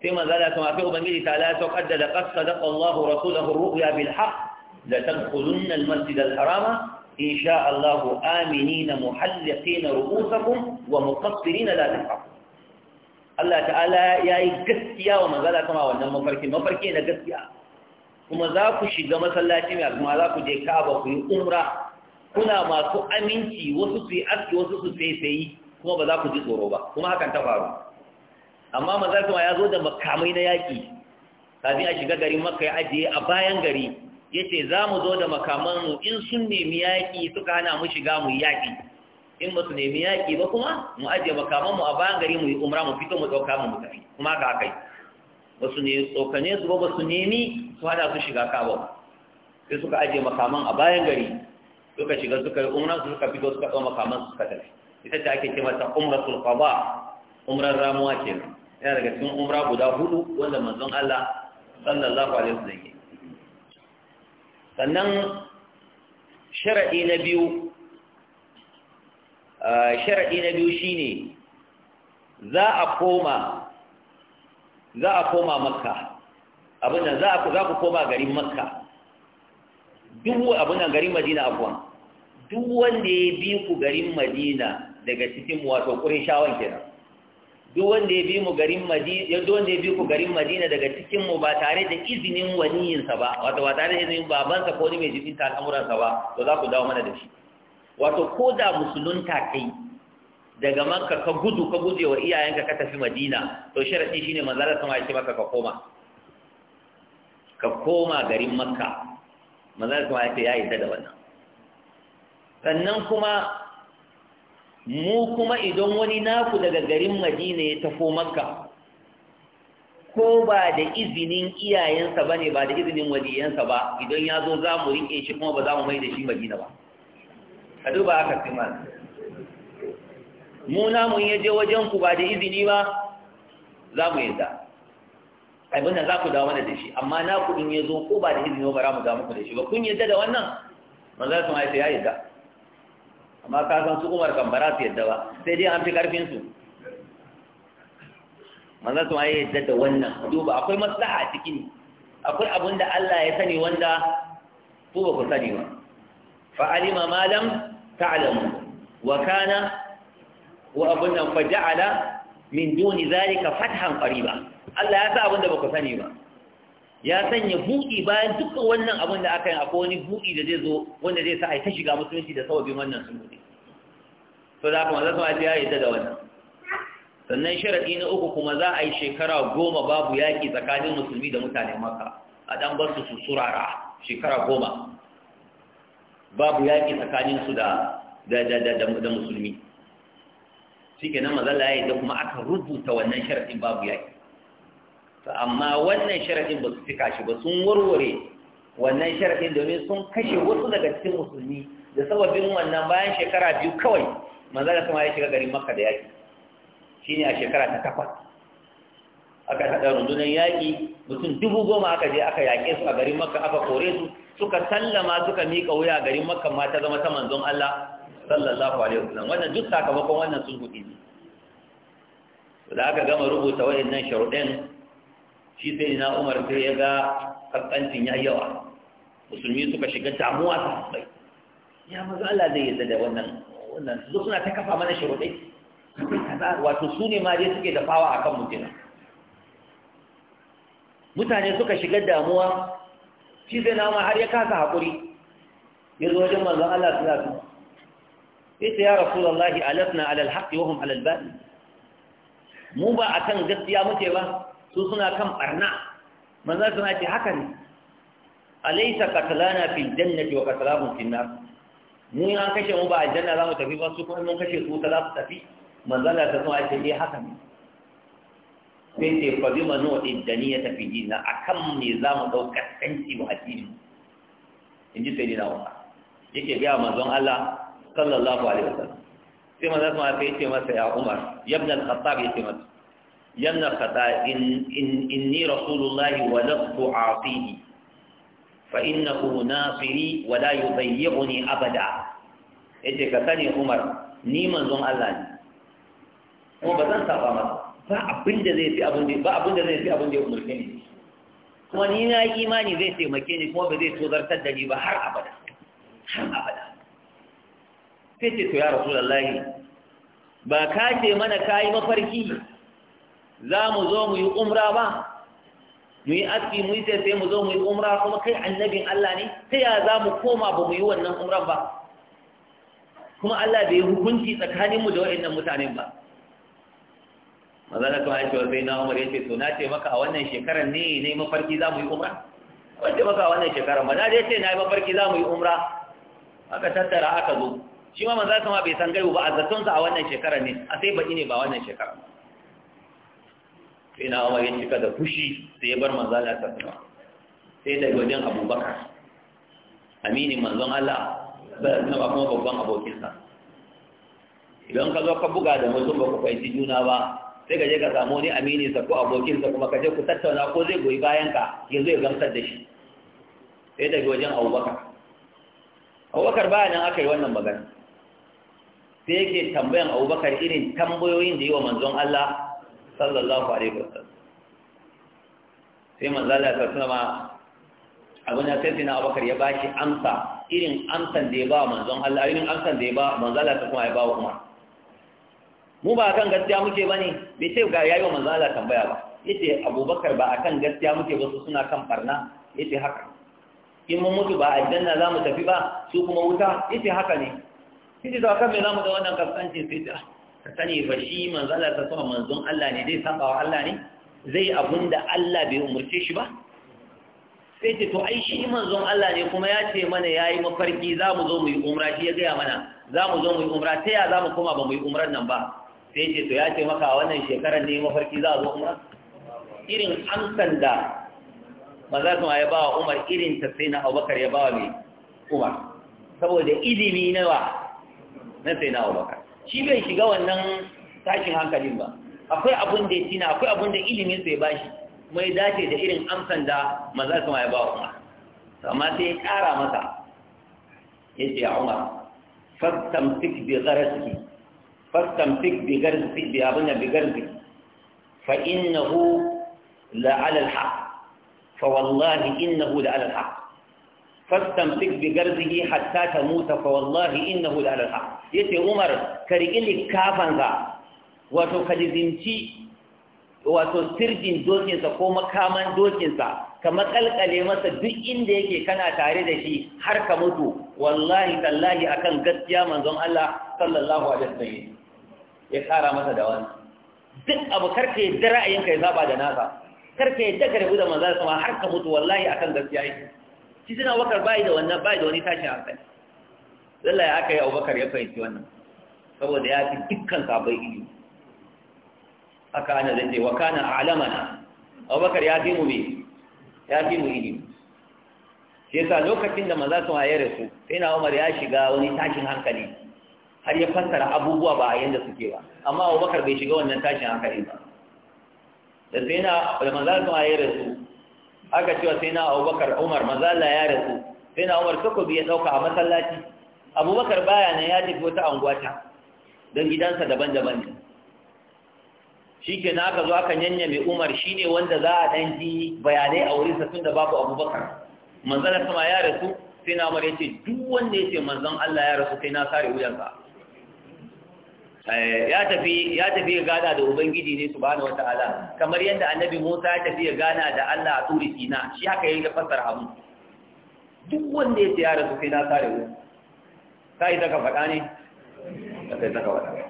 sai manzala kuma sai ubangiji ta la da qaddada qad sadaqa Allahu rasulahu ru'ya bil haqq la tadkhulunna al masjid al harama in sha Allah aminina muhalliqina ru'usakum wa muqassirina la tafaqu Allah ta'ala ya yi gaskiya wa manzala kuma wannan mafarki mafarki na gaskiya kuma za ku shiga masallaci mai kuma za ku je Ka'aba ku yi umra kuna masu aminci wasu su yi aski wasu su sai sai kuma ba za ku ji tsoro ba kuma hakan ta faru amma maza kuma ya zo da makamai na yaƙi, kafin a shiga garin makka ya ajiye a bayan gari ya ce za mu zo da makaman mu in sun nemi yaƙi suka hana mu shiga mu yi yaƙi. in ba su nemi yaƙi ba kuma mu ajiye makaman mu a bayan gari mu yi umra mu fito mu ɗauka mu tafi, kuma ka kai ba su ne tsokane su ba ba su nemi su hana su shiga kaba sai suka ajiye makaman a bayan gari suka shiga suka yi umra su suka fito suka ɗau makaman su suka tafi ita ce ake ce mata umratul qada umrar ramuwa kenan yana daga cikin umra guda hudu wanda manzon Allah sallallahu alaihi wasallam yake sannan sharadi na biyu sharadi na biyu shine za a koma za a koma makka abin nan za ku za ku koma garin makka duk abin nan garin madina afwan duk wanda ya bi ku garin madina daga cikin wato kurin shawan kenan duk wanda ya bi mu garin Madina duk wanda ya bi ku garin Madina daga cikin mu ba tare da izinin sa ba wato ba tare da izinin sa ko ni mai jibin ta al'amuransa ba to za ku dawo mana da shi wato ko da musulunta kai daga makka ka gudu ka guje wa iyayenka ka tafi madina to sharadi shine manzala sama ya maka ka koma ka koma garin makka manzala sama ya ce ya yi da wannan sannan kuma mu kuma idan wani naku daga garin madina ya tafo makka ko ba da izinin iyayensa ba ne ba da izinin waliyansa ba idan ya zo za mu riƙe shi kuma ba za mu mai da shi madina ba a duba aka fi ma mu namun ya je wajen ku ba da izini ba za mu yadda abin da za ku dawo mana da shi amma naku in ya zo ko ba da izini ba za mu dawo muku da shi ba kun yadda da wannan manzan sun haifa ya yadda amma ka san su umar kan bara su yadda ba sai dai an fi karfin su manzo sun ayi yadda da wannan duba akwai maslaha a cikin akwai abin da Allah ya sani wanda ku ba ku sani ba fa alima ma lam ta'lamu wa kana wa abin nan fa ja'ala min duni zalika fathan qariba Allah ya sa abin da ba ku sani ba ya sanya buɗi bayan dukkan wannan abin da aka yi akwai wani buɗi da zai zo wanda zai sa a ta shiga musulunci da sababin wannan sun buɗe to da kuma zama ya ta da wannan sannan sharaɗi na uku kuma za a yi shekara goma babu yaƙi tsakanin musulmi da mutane maka a ɗan ba su surara shekara goma babu yaƙi tsakanin su da musulmi shi ke nan mazala ya yi da kuma aka rubuta wannan sharaɗin babu yaƙi amma wannan sharadin ba su fika shi ba sun warware wannan sharadin domin sun kashe wasu daga cikin musulmi da sababin wannan bayan shekara biyu kawai manzo da kuma ya shiga garin makka da yaki shine a shekara ta takwas aka hada rundunar yaƙi mutum dubu goma aka je aka yaƙe su a garin makka aka kore su suka sallama suka miƙa wuya a garin makka ma ta zama ta manzon Allah sallallahu alaihi wasallam wannan duk sakamakon wannan sun hudu ne da aka gama rubuta waɗannan sharuɗin shi sai na umar sai ya ga kaskancin ya yawa musulmi suka shiga damuwa ta haɓai ya maza Allah zai yadda da wannan wannan su suna ta kafa mana sharuɗai wato su ne ma dai suke da fawa a kan mutum mutane suka shiga damuwa shi na nama har ya kasa haƙuri ya zo wajen manzon Allah su zafi sai ta ya rasulallahi alasna alal haƙi wahum alal baɗi mu ba a kan gaskiya muke ba su suna kan barna manzan suna ce haka ne alaisa katalana fil jannati wa katalamun fil nar mu an kashe mu ba a aljanna za mu tafi ba su kuma mun kashe su ta za su tafi manzala ta suna ce eh haka ne sai ce fa bima nu'ti ya tafi jina? A kan me za mu dauka tsanci wa addini in ji sai dina wa yake ga manzon Allah sallallahu alaihi wasallam sai manzon Allah sai ya ce masa ya Umar ya ibn al-Khattab ya ce masa yana in ni rasulullahi wa lastu asihi fa innahu nasiri wa la yudayyibuni abada yace ka sani Umar ni manzon Allah ne Kuma ba zan saba masa ba abinda zai fi abin da ba abin zai fi abin ya umurce ni kuma ni na yi imani zai taimake ni kuma ba zai tozartar da ni ba har abada har abada sai ce to ya rasulullahi ba ka ce mana ka yi mafarki za mu zo mu yi umra ba mu yi aski mu yi sai mu zo mu yi umra kuma kai annabin Allah ne ta ya za mu koma ba mu yi wannan umran ba kuma Allah bai hukunci tsakaninmu da waɗannan mutanen ba mazana kuma wa sai na Umar yace to na ce maka a wannan shekarar ne ne mafarki za mu yi umra wace maka a wannan shekarar ba na dai ce na yi mafarki za mu yi umra aka tattara aka zo shi ma manzo kuma bai san gaibu ba a zaton sa a wannan shekarar ne a sai baki ne ba wannan shekarar sai na umar ya cika da fushi sai ya bar manzon Allah ta sama sai da wajen abubakar aminin manzon Allah na ba kuma babban abokinsa idan ka zo ka buga da mutum ba ku fahimci juna ba sai ka je ka samu wani amininsa ko abokinsa kuma ka je ku tattauna ko zai goyi bayan ka ya zo ya gamsar da shi sai da wajen abubakar abubakar bayan nan aka yi wannan magana sai yake tambayan abubakar irin tambayoyin da yi wa manzon Allah sallallahu alaihi wasallam sai manzala ya sallama abin da sai na abakar ya baki amsa irin amsan da ya ba manzon Allah irin amsan da ya ba manzala ta kuma ya ba Umar mu ba kan gaskiya muke bane bai ce ga yayi wa manzala tambaya ba yace Abubakar ba akan gaskiya muke ba su suna kan barna yace haka in mun mutu ba aljanna za mu tafi ba su kuma wuta yace haka ne kiji da akan me za mu da wannan kasance sai ta ka sani ba shi manzala ta sama manzon Allah ne zai saba wa Allah ne zai abun da Allah bai umurce shi ba sai ce to ai shi manzon Allah ne kuma ya ce mana ya yi mafarki za mu zo mu yi umra shi ya gaya mana za mu zo mu yi umra ta ya za mu koma ba mu yi umran nan ba sai ce to ya ce maka wannan shekarar ne mafarki za a zo umra irin amsan da maza kuma ya ba wa umar irin ta sai na abubakar ya ba wa mai umar saboda ilimi na wa na sai na abubakar shi bai shiga wannan tashin hankalin ba akwai abin da ya tina akwai abin da ilimin sai ba shi mai dace da irin amsan da maza su ya ba wa umar amma sai ya ƙara masa ya ce a umar fastamtik bi garaski fastamtik bi garaski bi abin da bi garaski fa innahu la alal haq fa wallahi innahu la alal haq fastamsik bi garzihi hatta ta tamuta fa wallahi innahu la alha yace Umar kariki likafan ka wato kadizimci wato sirjin dokinsa ko makaman dokinsa ka makalkale masa duk inda yake kana tare da shi har ka mutu wallahi tallahi akan gaskiya manzon Allah sallallahu alaihi wasallam ya kara masa da wani duk abu karka yadda ra'ayinka ya zaba da nasa karka yadda ka rabu da manzon sama har ka mutu wallahi akan gaskiya yake shi suna bakar bayi da wannan bayi da wani tashin hankali lallai aka yi abubakar ya fahimci wannan saboda ya fi dukkan sabon ilimi Aka ana zai wa kana alamana abubakar ya fi mu me ya fi mu ilimi shi yasa lokacin da maza su haye rasu sai na umar ya shiga wani tashin hankali har ya fassara abubuwa ba a yanda suke ba amma abubakar bai shiga wannan tashin hankali ba da sai na da maza sun haye rasu aka cewa sai na abubakar umar mazala ya rasu sai na umar takobi ya ɗauka a masallaci abubakar baya nan ya tafi wata angwata don gidansa daban-daban ne shi ke na aka zo aka yanyame umar shi ne wanda za a ɗan ji bayanai a wurinsa tun da babu abubakar manzala sama ya rasu sai na umar ya ce duk wanda ya ce manzan allah ya rasu sai na sare wuyansa Eh, ya tafi ya tafi ya gana da ubangiji ne subhanahu wataala kamar yadda annabi Musa ya tafi ya gana da Allah a turi Sina shi haka yake da fassara hamu duk wanda ya tsaya da su sai na sare wuta kai zaka faɗa ne kai zaka fada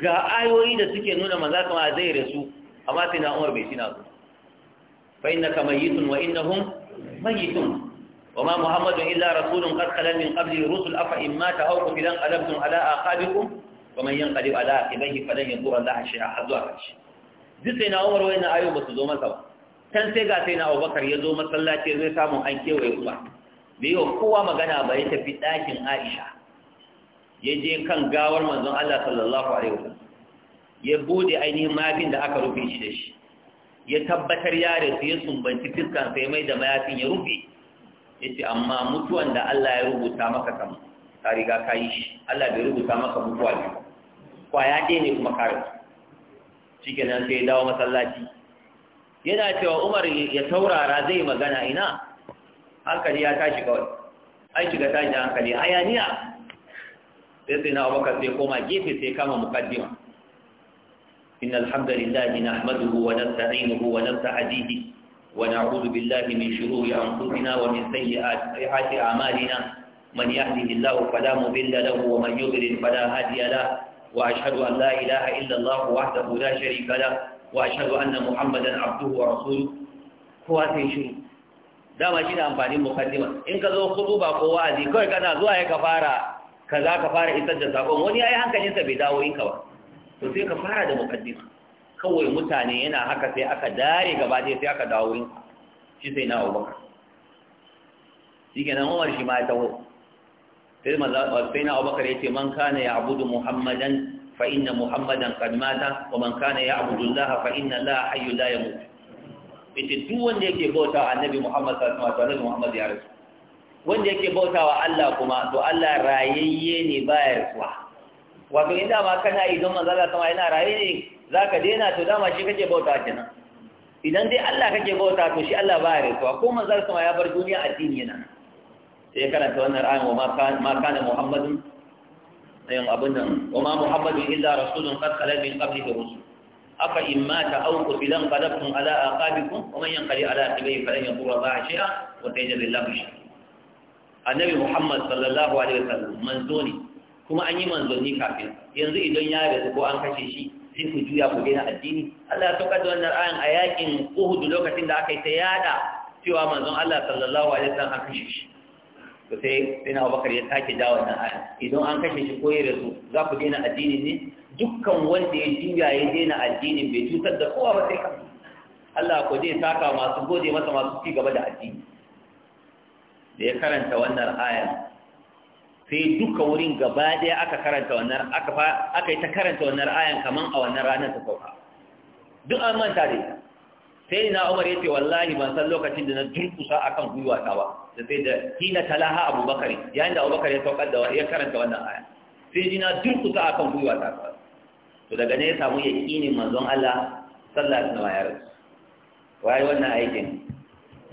ga ayoyi da suke nuna maza kuma zai rasu amma sai na Umar bai sina su fa innaka mayyitun wa innahum mayitun وما محمد إلا رسول قد خلت من قبله الرسل أفإن مات أو قتل قلبتم على أعقابكم ke ينقلب على عقبيه فلن يضر الله شيئا har zuwa karshe duk sai na Umar wayan ayo ba su zo masa ba Tan sai ga sai na Abubakar ya zo masallaci zai samu an kewaye uba bai yi kowa magana ba ya tafi ɗakin Aisha ya je kan gawar manzon Allah sallallahu alaihi wasallam ya bude ainihin mafin da aka rufe shi da shi ya tabbatar ya rasu ya sumbanci fiskan sai mai da mayafin ya rufe Ya ce amma mutuwan da Allah ya rubuta maka kamar ka riga ka yi shi Allah bai rubuta maka mutuwa ne kwaya ɗaya ne kuma ka rasu nan sai ya dawo masallaci yana cewa Umar ya taurara zai magana ina hankali ya tashi kawai an shiga tashi hankali hayaniya sai sai na abokan sai koma gefe sai kama mukaddima إن الحمد لله نحمده ونستعينه ونستهديه ونعوذ بالله من شرور أنفسنا ومن سيئات أعمالنا من يهده الله فلا مضل له ومن يضلل فلا هادي له وأشهد أن لا إله إلا الله وحده لا شريك له وأشهد أن محمدا عبده ورسوله هو شيء dama shi ne amfanin mukaddima in ka zo kudu ba ko wa'azi kawai kana zuwa ya ka fara ka ka fara isar da sakon wani ya yi hankalinsa bai dawo yinka ba to sai ka fara da kawai mutane yana haka sai aka dare gaba ɗaya sai aka dawo yinka shi sai na abubakar shi kenan umar shi ma ya taho sai na abubakar ya ce man kana ya abudu muhammadan fa inna muhammadan kad wa man kana ya abudu allah fa inna allah hayyu la yamut ita duk wanda yake bauta wa annabi muhammad sallallahu alaihi wasallam muhammad ya rasu wanda yake bauta wa allah kuma to allah rayayye ne baya rasuwa wato inda ma kana idan manzo Allah sama yana raye ne Za ka daina to dama shi kake bauta kenan idan dai Allah kake bauta to shi Allah baya rasuwa ko manzo Allah sama ya bar duniya addini yana sai karanta wannan ayan wa ma kana muhammadun ayan abun wa ma muhammadun illa rasulun qad khala min qablihi rusul afa in mata aw qutilan qalabtum ala aqabikum wa man yanqali ala aqibihi falan yadurra Allah shay'a wa tajri Allah shay'a annabi muhammad sallallahu alaihi wa sallam manzo ne kuma an yi manzoni kafin yanzu idan ya rasu ko an kashe shi sai ku juya ku daina addini Allah ya saukar da wannan ayan a yakin Uhud lokacin da aka yi ta yada cewa manzon Allah sallallahu alaihi wa sallam an kashe shi to sai sai Abubakar ya sake dawo wannan aya idan an kashe shi ko ya rasu za ku daina addini ne dukkan wanda ya juya ya daina addinin bai cutar da kowa ba sai kan Allah ko zai saka masu gode masa masu ci gaba da addini da ya karanta wannan aya sai duka wurin gaba ɗaya aka karanta wannan aka aka yi ta karanta wannan ayan kaman a wannan ranar ta sauka duk an manta da ita sai na umar ya ce wallahi ban san lokacin da na durkusa akan gwiwa ta ba da sai da kila talaha abubakar yayin da abubakar ya saukar da ya karanta wannan aya sai ji na durkusa akan gwiwa ta ba to daga ne ya samu yaqinin manzon Allah sallallahu alaihi wasallam wai wannan aikin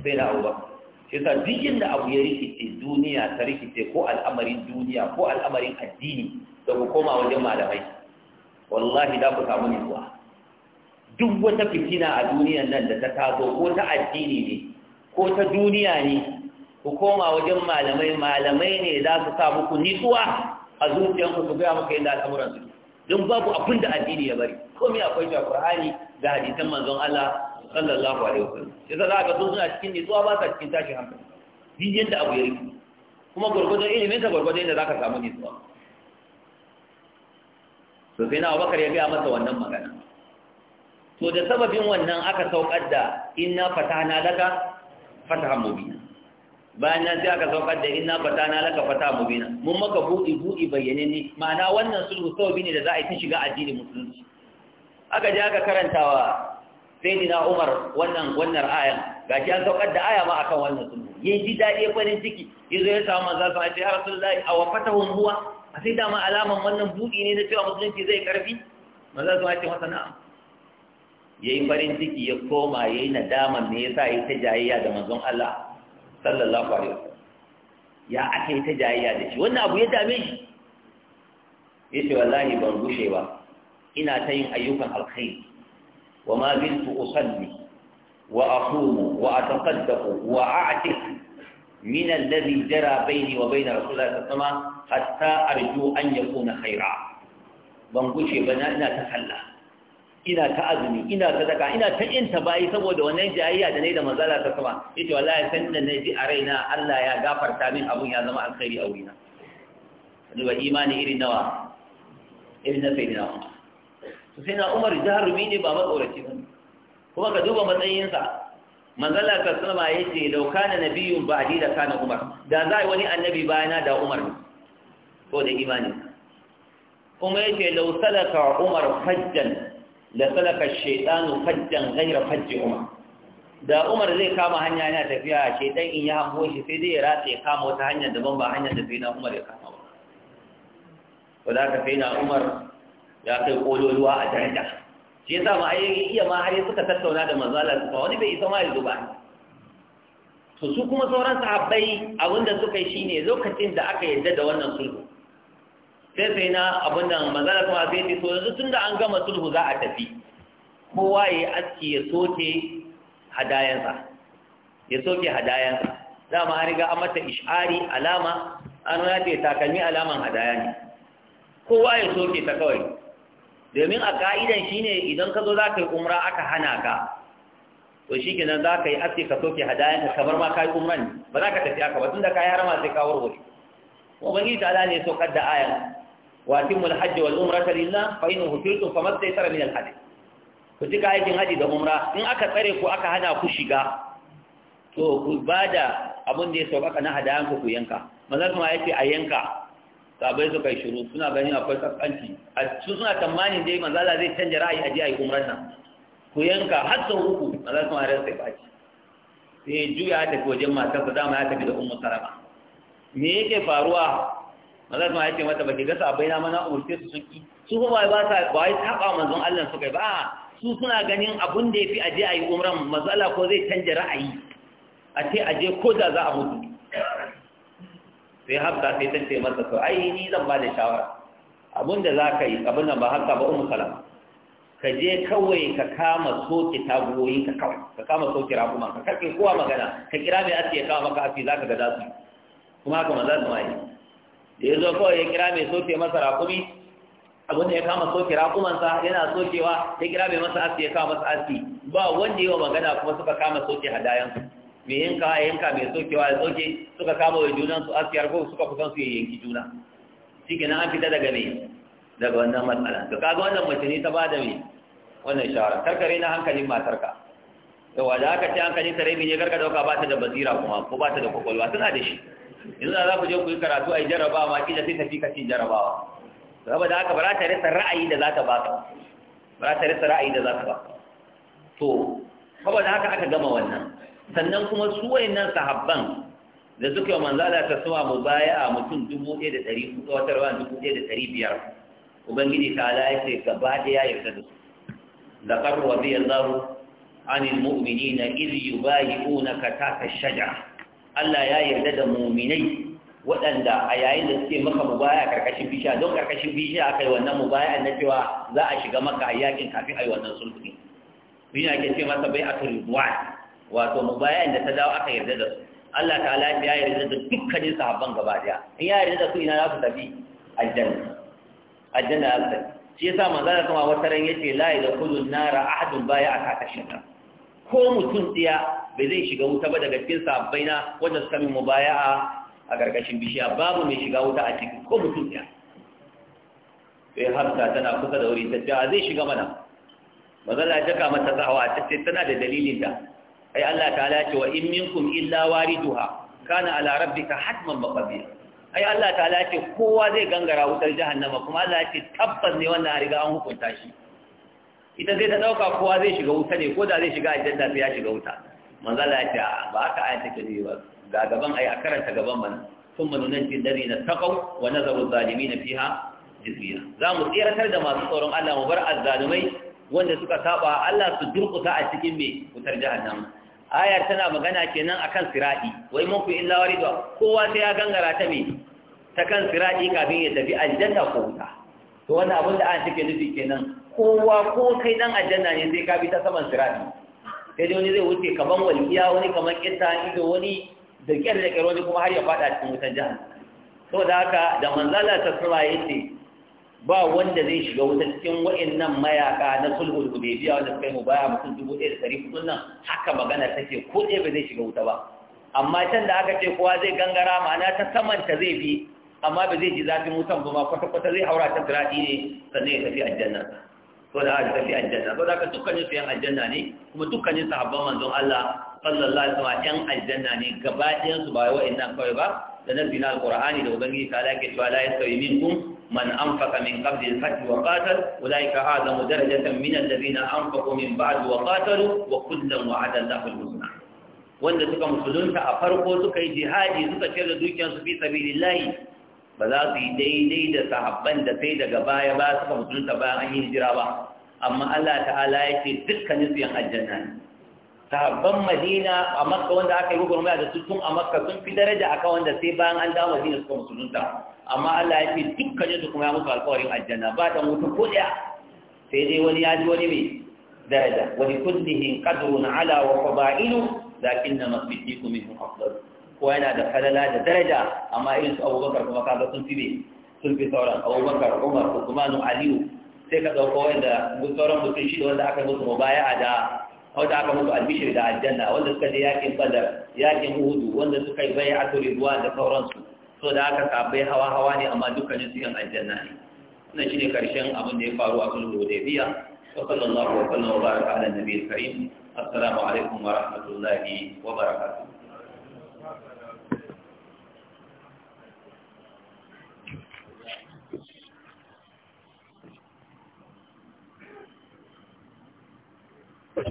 sai da abubakar shi sa duk inda abu ya rikice duniya ta rikice ko al'amarin duniya ko al'amarin addini da ku koma wajen malamai wallahi da ku samu nutsuwa duk wata fitina a duniyan nan da ta taso ko ta addini ne ko ta duniya ne ku koma wajen malamai malamai ne za su sa muku nitsuwa a zuciyanku su gaya muku yadda al'amuran su don babu abin da addini ya bari komai akwai shi a qur'ani da hadisan manzon Allah sallallahu alaihi wasallam yasa za ka sun suna cikin nitsuwa ba sa cikin tashin hankali din yadda abu ya rike kuma gurgurdon ilimin ta gurgurdon yadda za ka samu nitsuwa to sai na Abubakar ya gaya masa wannan magana to da sababin wannan aka saukar da inna fatana laka fatahan mubina bayan nan sai aka saukar da inna fatana laka fatahan mubina mun maka buɗi buɗi bayyane ne ma'ana wannan sulhu sababi ne da za a yi ta shiga addinin musulunci aka je aka karantawa sayyidina Umar wannan wannan ga shi an saukar da aya ma akan wannan sulhu yayi ji dadi farin ciki yazo ya samu manzo sa ya Rasulullahi aw fatahum huwa sai dama alaman wannan buɗi ne na cewa musulunci zai karfi manzo su ya ce masana'a. ya yi farin ciki ya koma ya yi nadaman me yasa ya ta jayayya da manzon Allah sallallahu alaihi ya aka yi ta jayayya da shi wannan abu ya dame shi ya ce wallahi ban gushe ba ina ta yin ayyukan alkhairi wa ma bintu usalli wa aqumu wa ataqaddaqu wa a'tiq من الذي جرى بيني وبين رسول الله صلى الله عليه وسلم حتى أرجو أن يكون خيرا بنقول ina ta تخلى ina ta azumi ina ta daka ina ta yin ta bayi saboda wannan jayayya da nayi da manzala ta sama yace wallahi san da naji a raina Allah ya gafarta min abun ya zama alkhairi a wurina duba imani irin nawa irin na sayyidina Umar to sai na Umar jarumi ne ba matsoraci ba kuma ka duba matsayinsa manzala ta sama yace law kana nabiyyun ba'di da kana Umar da zai wani annabi bayana da Umar ne ko da imani kuma yace law salaka Umar hajjan Da salaka shaytanu fajjan gaira fajji umar da umar zai kama hanya yana tafiya a shaytan in ya hango shi sai dai ya ya kama wata hanya daban ba hanyar da fina umar ya kama ba to da ka fina umar ya kai kololuwa a daraja shi yasa ma ai iya ma har suka tattauna da su ba wani bai isa ma ya zuba to su kuma sauran sahabbai abinda suka yi shine lokacin da aka yarda da wannan sulhu sai sai na abin da manzala kuma sai ce so yanzu tun da an gama sulhu za a tafi kowa ya aski ya soke hadayansa ya soke hadayansa za an riga an mata ish'ari alama an ya ce takalmi alaman hadaya ne kowa ya soke ta kawai domin a ka'idan shine idan ka zo za ka yi umra aka hana ka to shi kenan za ka yi aski ka soke hadayanka kamar ma ka yi umran ba za ka tafi aka ba tun da ka yi harama sai ka warware ubangiji ta'ala ne so da aya wa atimul hajj wal ta lillah fa in hufiltum famastaysara min alhaji hadi ku cika aikin haji da umra in aka tsare ku aka hana ku shiga to ku bada abin da ya ka na hadayan ku ku yanka manzon kuma yace a yanka sabai su kai shuru suna ganin akwai kaskanci a su suna tamanin dai manzo Allah zai canja ra'ayi a ji ayi umran nan ku yanka har sau uku manzo kuma ya sai faci sai juya ta wajen matar sa dama ya tafi da ummu sarama me yake faruwa mazan ma yake mata baki gasa, abai na mana umurce su suki su ba ba ta ba ai taba manzon Allah suka ba su suna ganin abun da yafi aje ayi umran mazala ko zai canja ra'ayi a ce aje ko da za a mutu sai hafsa sai ta ce masa to ai ni zan ba da shawara abun da za ka yi abun nan ba haka ba ummu salama ka je kawai ka kama soke taguwoyin ka kawai ka kama soke raguman ka kake kowa magana ka kira mai aski kawo maka aski zaka ga dasu kuma haka manzo sama yi da ya zo kawai ya kira mai soke masa rakumi abin da ya kama soke rakumansa yana sokewa ya kira mai masa aski ya kama masa aski ba wanda yi wa magana kuma suka kama soke hadayansu mai yanka ya yanka mai sokewa ya soke suka kama wa junansu su har ko suka kusan su ya yanki juna shi kenan an fita daga mai daga wannan matsala to kaga wannan mace ne ta bada mai wannan shawara karkare na hankalin matarka yawa da aka ce hankalin ta rabi ne karka dauka ba ta da basira kuma ko ba ta da kwakwalwa tana da shi yanzu za ku je ku yi karatu a yi jarabawa da sai tafi kashin jarabawa gaba da haka ba za ta rasa ra'ayi da za ta ka ba za ta rasa ra'ayi da za ta ba. to gaba da haka aka gama wannan sannan kuma su wayannan sahabban da suka yi manzala ta suwa mu baya a mutum dubu ɗaya da ɗari hudu wata rawa dubu ɗaya da ɗari biyar ubangiji ta ala ya ce gaba ɗaya ya yarda da su da karwa biyar zaru anil mu'minina iz yubayi'unaka ta shajara Allah ya yarda da muminai waɗanda a yayin da suke maka mubaya a ƙarƙashin bishiya don ƙarƙashin bishiya aka yi wannan mubaya na cewa za a shiga maka a yakin kafin a yi wannan sulhu shi ne ake ce masa bai a turidwan wato mubaya da ta dawo aka yarda da su Allah ta alaƙi ya yarda da dukkanin sahabban gaba ɗaya in ya yarda da su ina za su tafi aljanna aljanna za su tafi shi yasa manzo da kuma wata ran yace la ilaha illallah nara ahadun baya aka kashin ko mutum tsiya bai zai shiga wuta ba daga cikin sabbai na wanda suka min mubaya'a a gargashin bishiya babu mai shiga wuta a ciki ko mutum ya sai hafsa tana kusa da wuri tafiya a zai shiga mana mazala ta jaka mata tsawa ta ce tana da dalilin da ai Allah ta ce wa in minkum illa wariduha kana ala rabbika hatman maqdiya ai Allah ala ce kowa zai gangara wutar jahannama kuma Allah ce tabbas ne wannan riga an hukunta shi ita zai ta dauka kowa zai shiga wuta ne ko da zai shiga aljanna sai ya shiga wuta manzala ya ce ba aka ayan take ne ba ga gaban ai a karanta gaban mana sun manu nan jin dare na takau wa nazaru zalimi na fiha jizya za mu tseratar da masu tsoron Allah mu bar azzalumai wanda suka saba Allah su durkusa a cikin mai wutar jahannam ayar tana magana kenan akan siradi wai mun ku illa waridwa kowa sai ya gangara ta me ta kan siradi kafin ya tafi aljanna ko wuta to wannan abin da an take nufi kenan kowa ko kai dan aljanna ne sai ka bi ta saman siradi sai dai wani zai wuce kaman walƙiya wani kaman ƙetta ido wani da ƙyar da ƙyar wani kuma har ya faɗa cikin wutan jihar Sau da haka da manzala ta sura ya ce ba wanda zai shiga wuta cikin nan mayaka na sulhul hudaybiya wanda suka yi mu baya mutum dubu ɗaya da ɗari hudu nan haka magana ta ce ko ɗaya ba zai shiga wuta ba amma can da aka ce kowa zai gangara ma'ana ta saman ta zai bi amma ba zai ji zafin wutan ba ma kwata-kwata zai haura ta sirati ne sannan ya tafi aljanna to da aka tafi aljanna da aka dukkanin su yan aljanna ne kuma dukkanin sahabban manzon Allah sallallahu alaihi wasallam yan aljanna ne gaba ɗayan su ba wa'annan kawai ba da nabi na alqur'ani da ubangiji ta lake cewa la yasawi minkum man anfaqa min qabli al-fath wa qatal ulaika a'zamu darajatan min alladhina anfaqu min ba'd wa qatalu wa kullan wa'ada al-husna wanda suka musulunta a farko suka yi jihadi suka ciyar da su fi sabilillahi ba za su yi daidai da sahabban da sai daga baya ba suka mutunta bayan an yi jira ba amma Allah ta'ala ya ce dukkanin su yan aljanna ne sahabban madina a makka wanda aka yi gwagwarmaya da su tun a makka sun fi daraja a kan wanda sai bayan an dawo madina suka mutunta. amma allah ya ce dukkanin su kuma ya musu alkawarin aljanna ba ta mutu ko ɗaya sai dai wani ya ji wani mai daraja wani kullihin qadrun ala wa fada'ilu lakinna masbiqikum minhum afdal ko yana da falala da daraja amma irin su abubakar kuma kaga sun fi ne sun fi sauran abubakar umar usmanu aliyu sai ka dauko wanda sauran mutum shi da wanda aka musu mubaya'a da wanda aka musu albishir da aljanna wanda suka je yakin badar yakin uhudu wanda suka yi bai ato ribuwa da sauransu so da aka sabai hawa hawa ne amma dukkanin su yan aljanna ne wannan shine karshen abin da ya faru a sulhu hudaybiya wa sallallahu wa sallam wa baraka ala nabiyil karim assalamu alaikum wa rahmatullahi wa barakatuh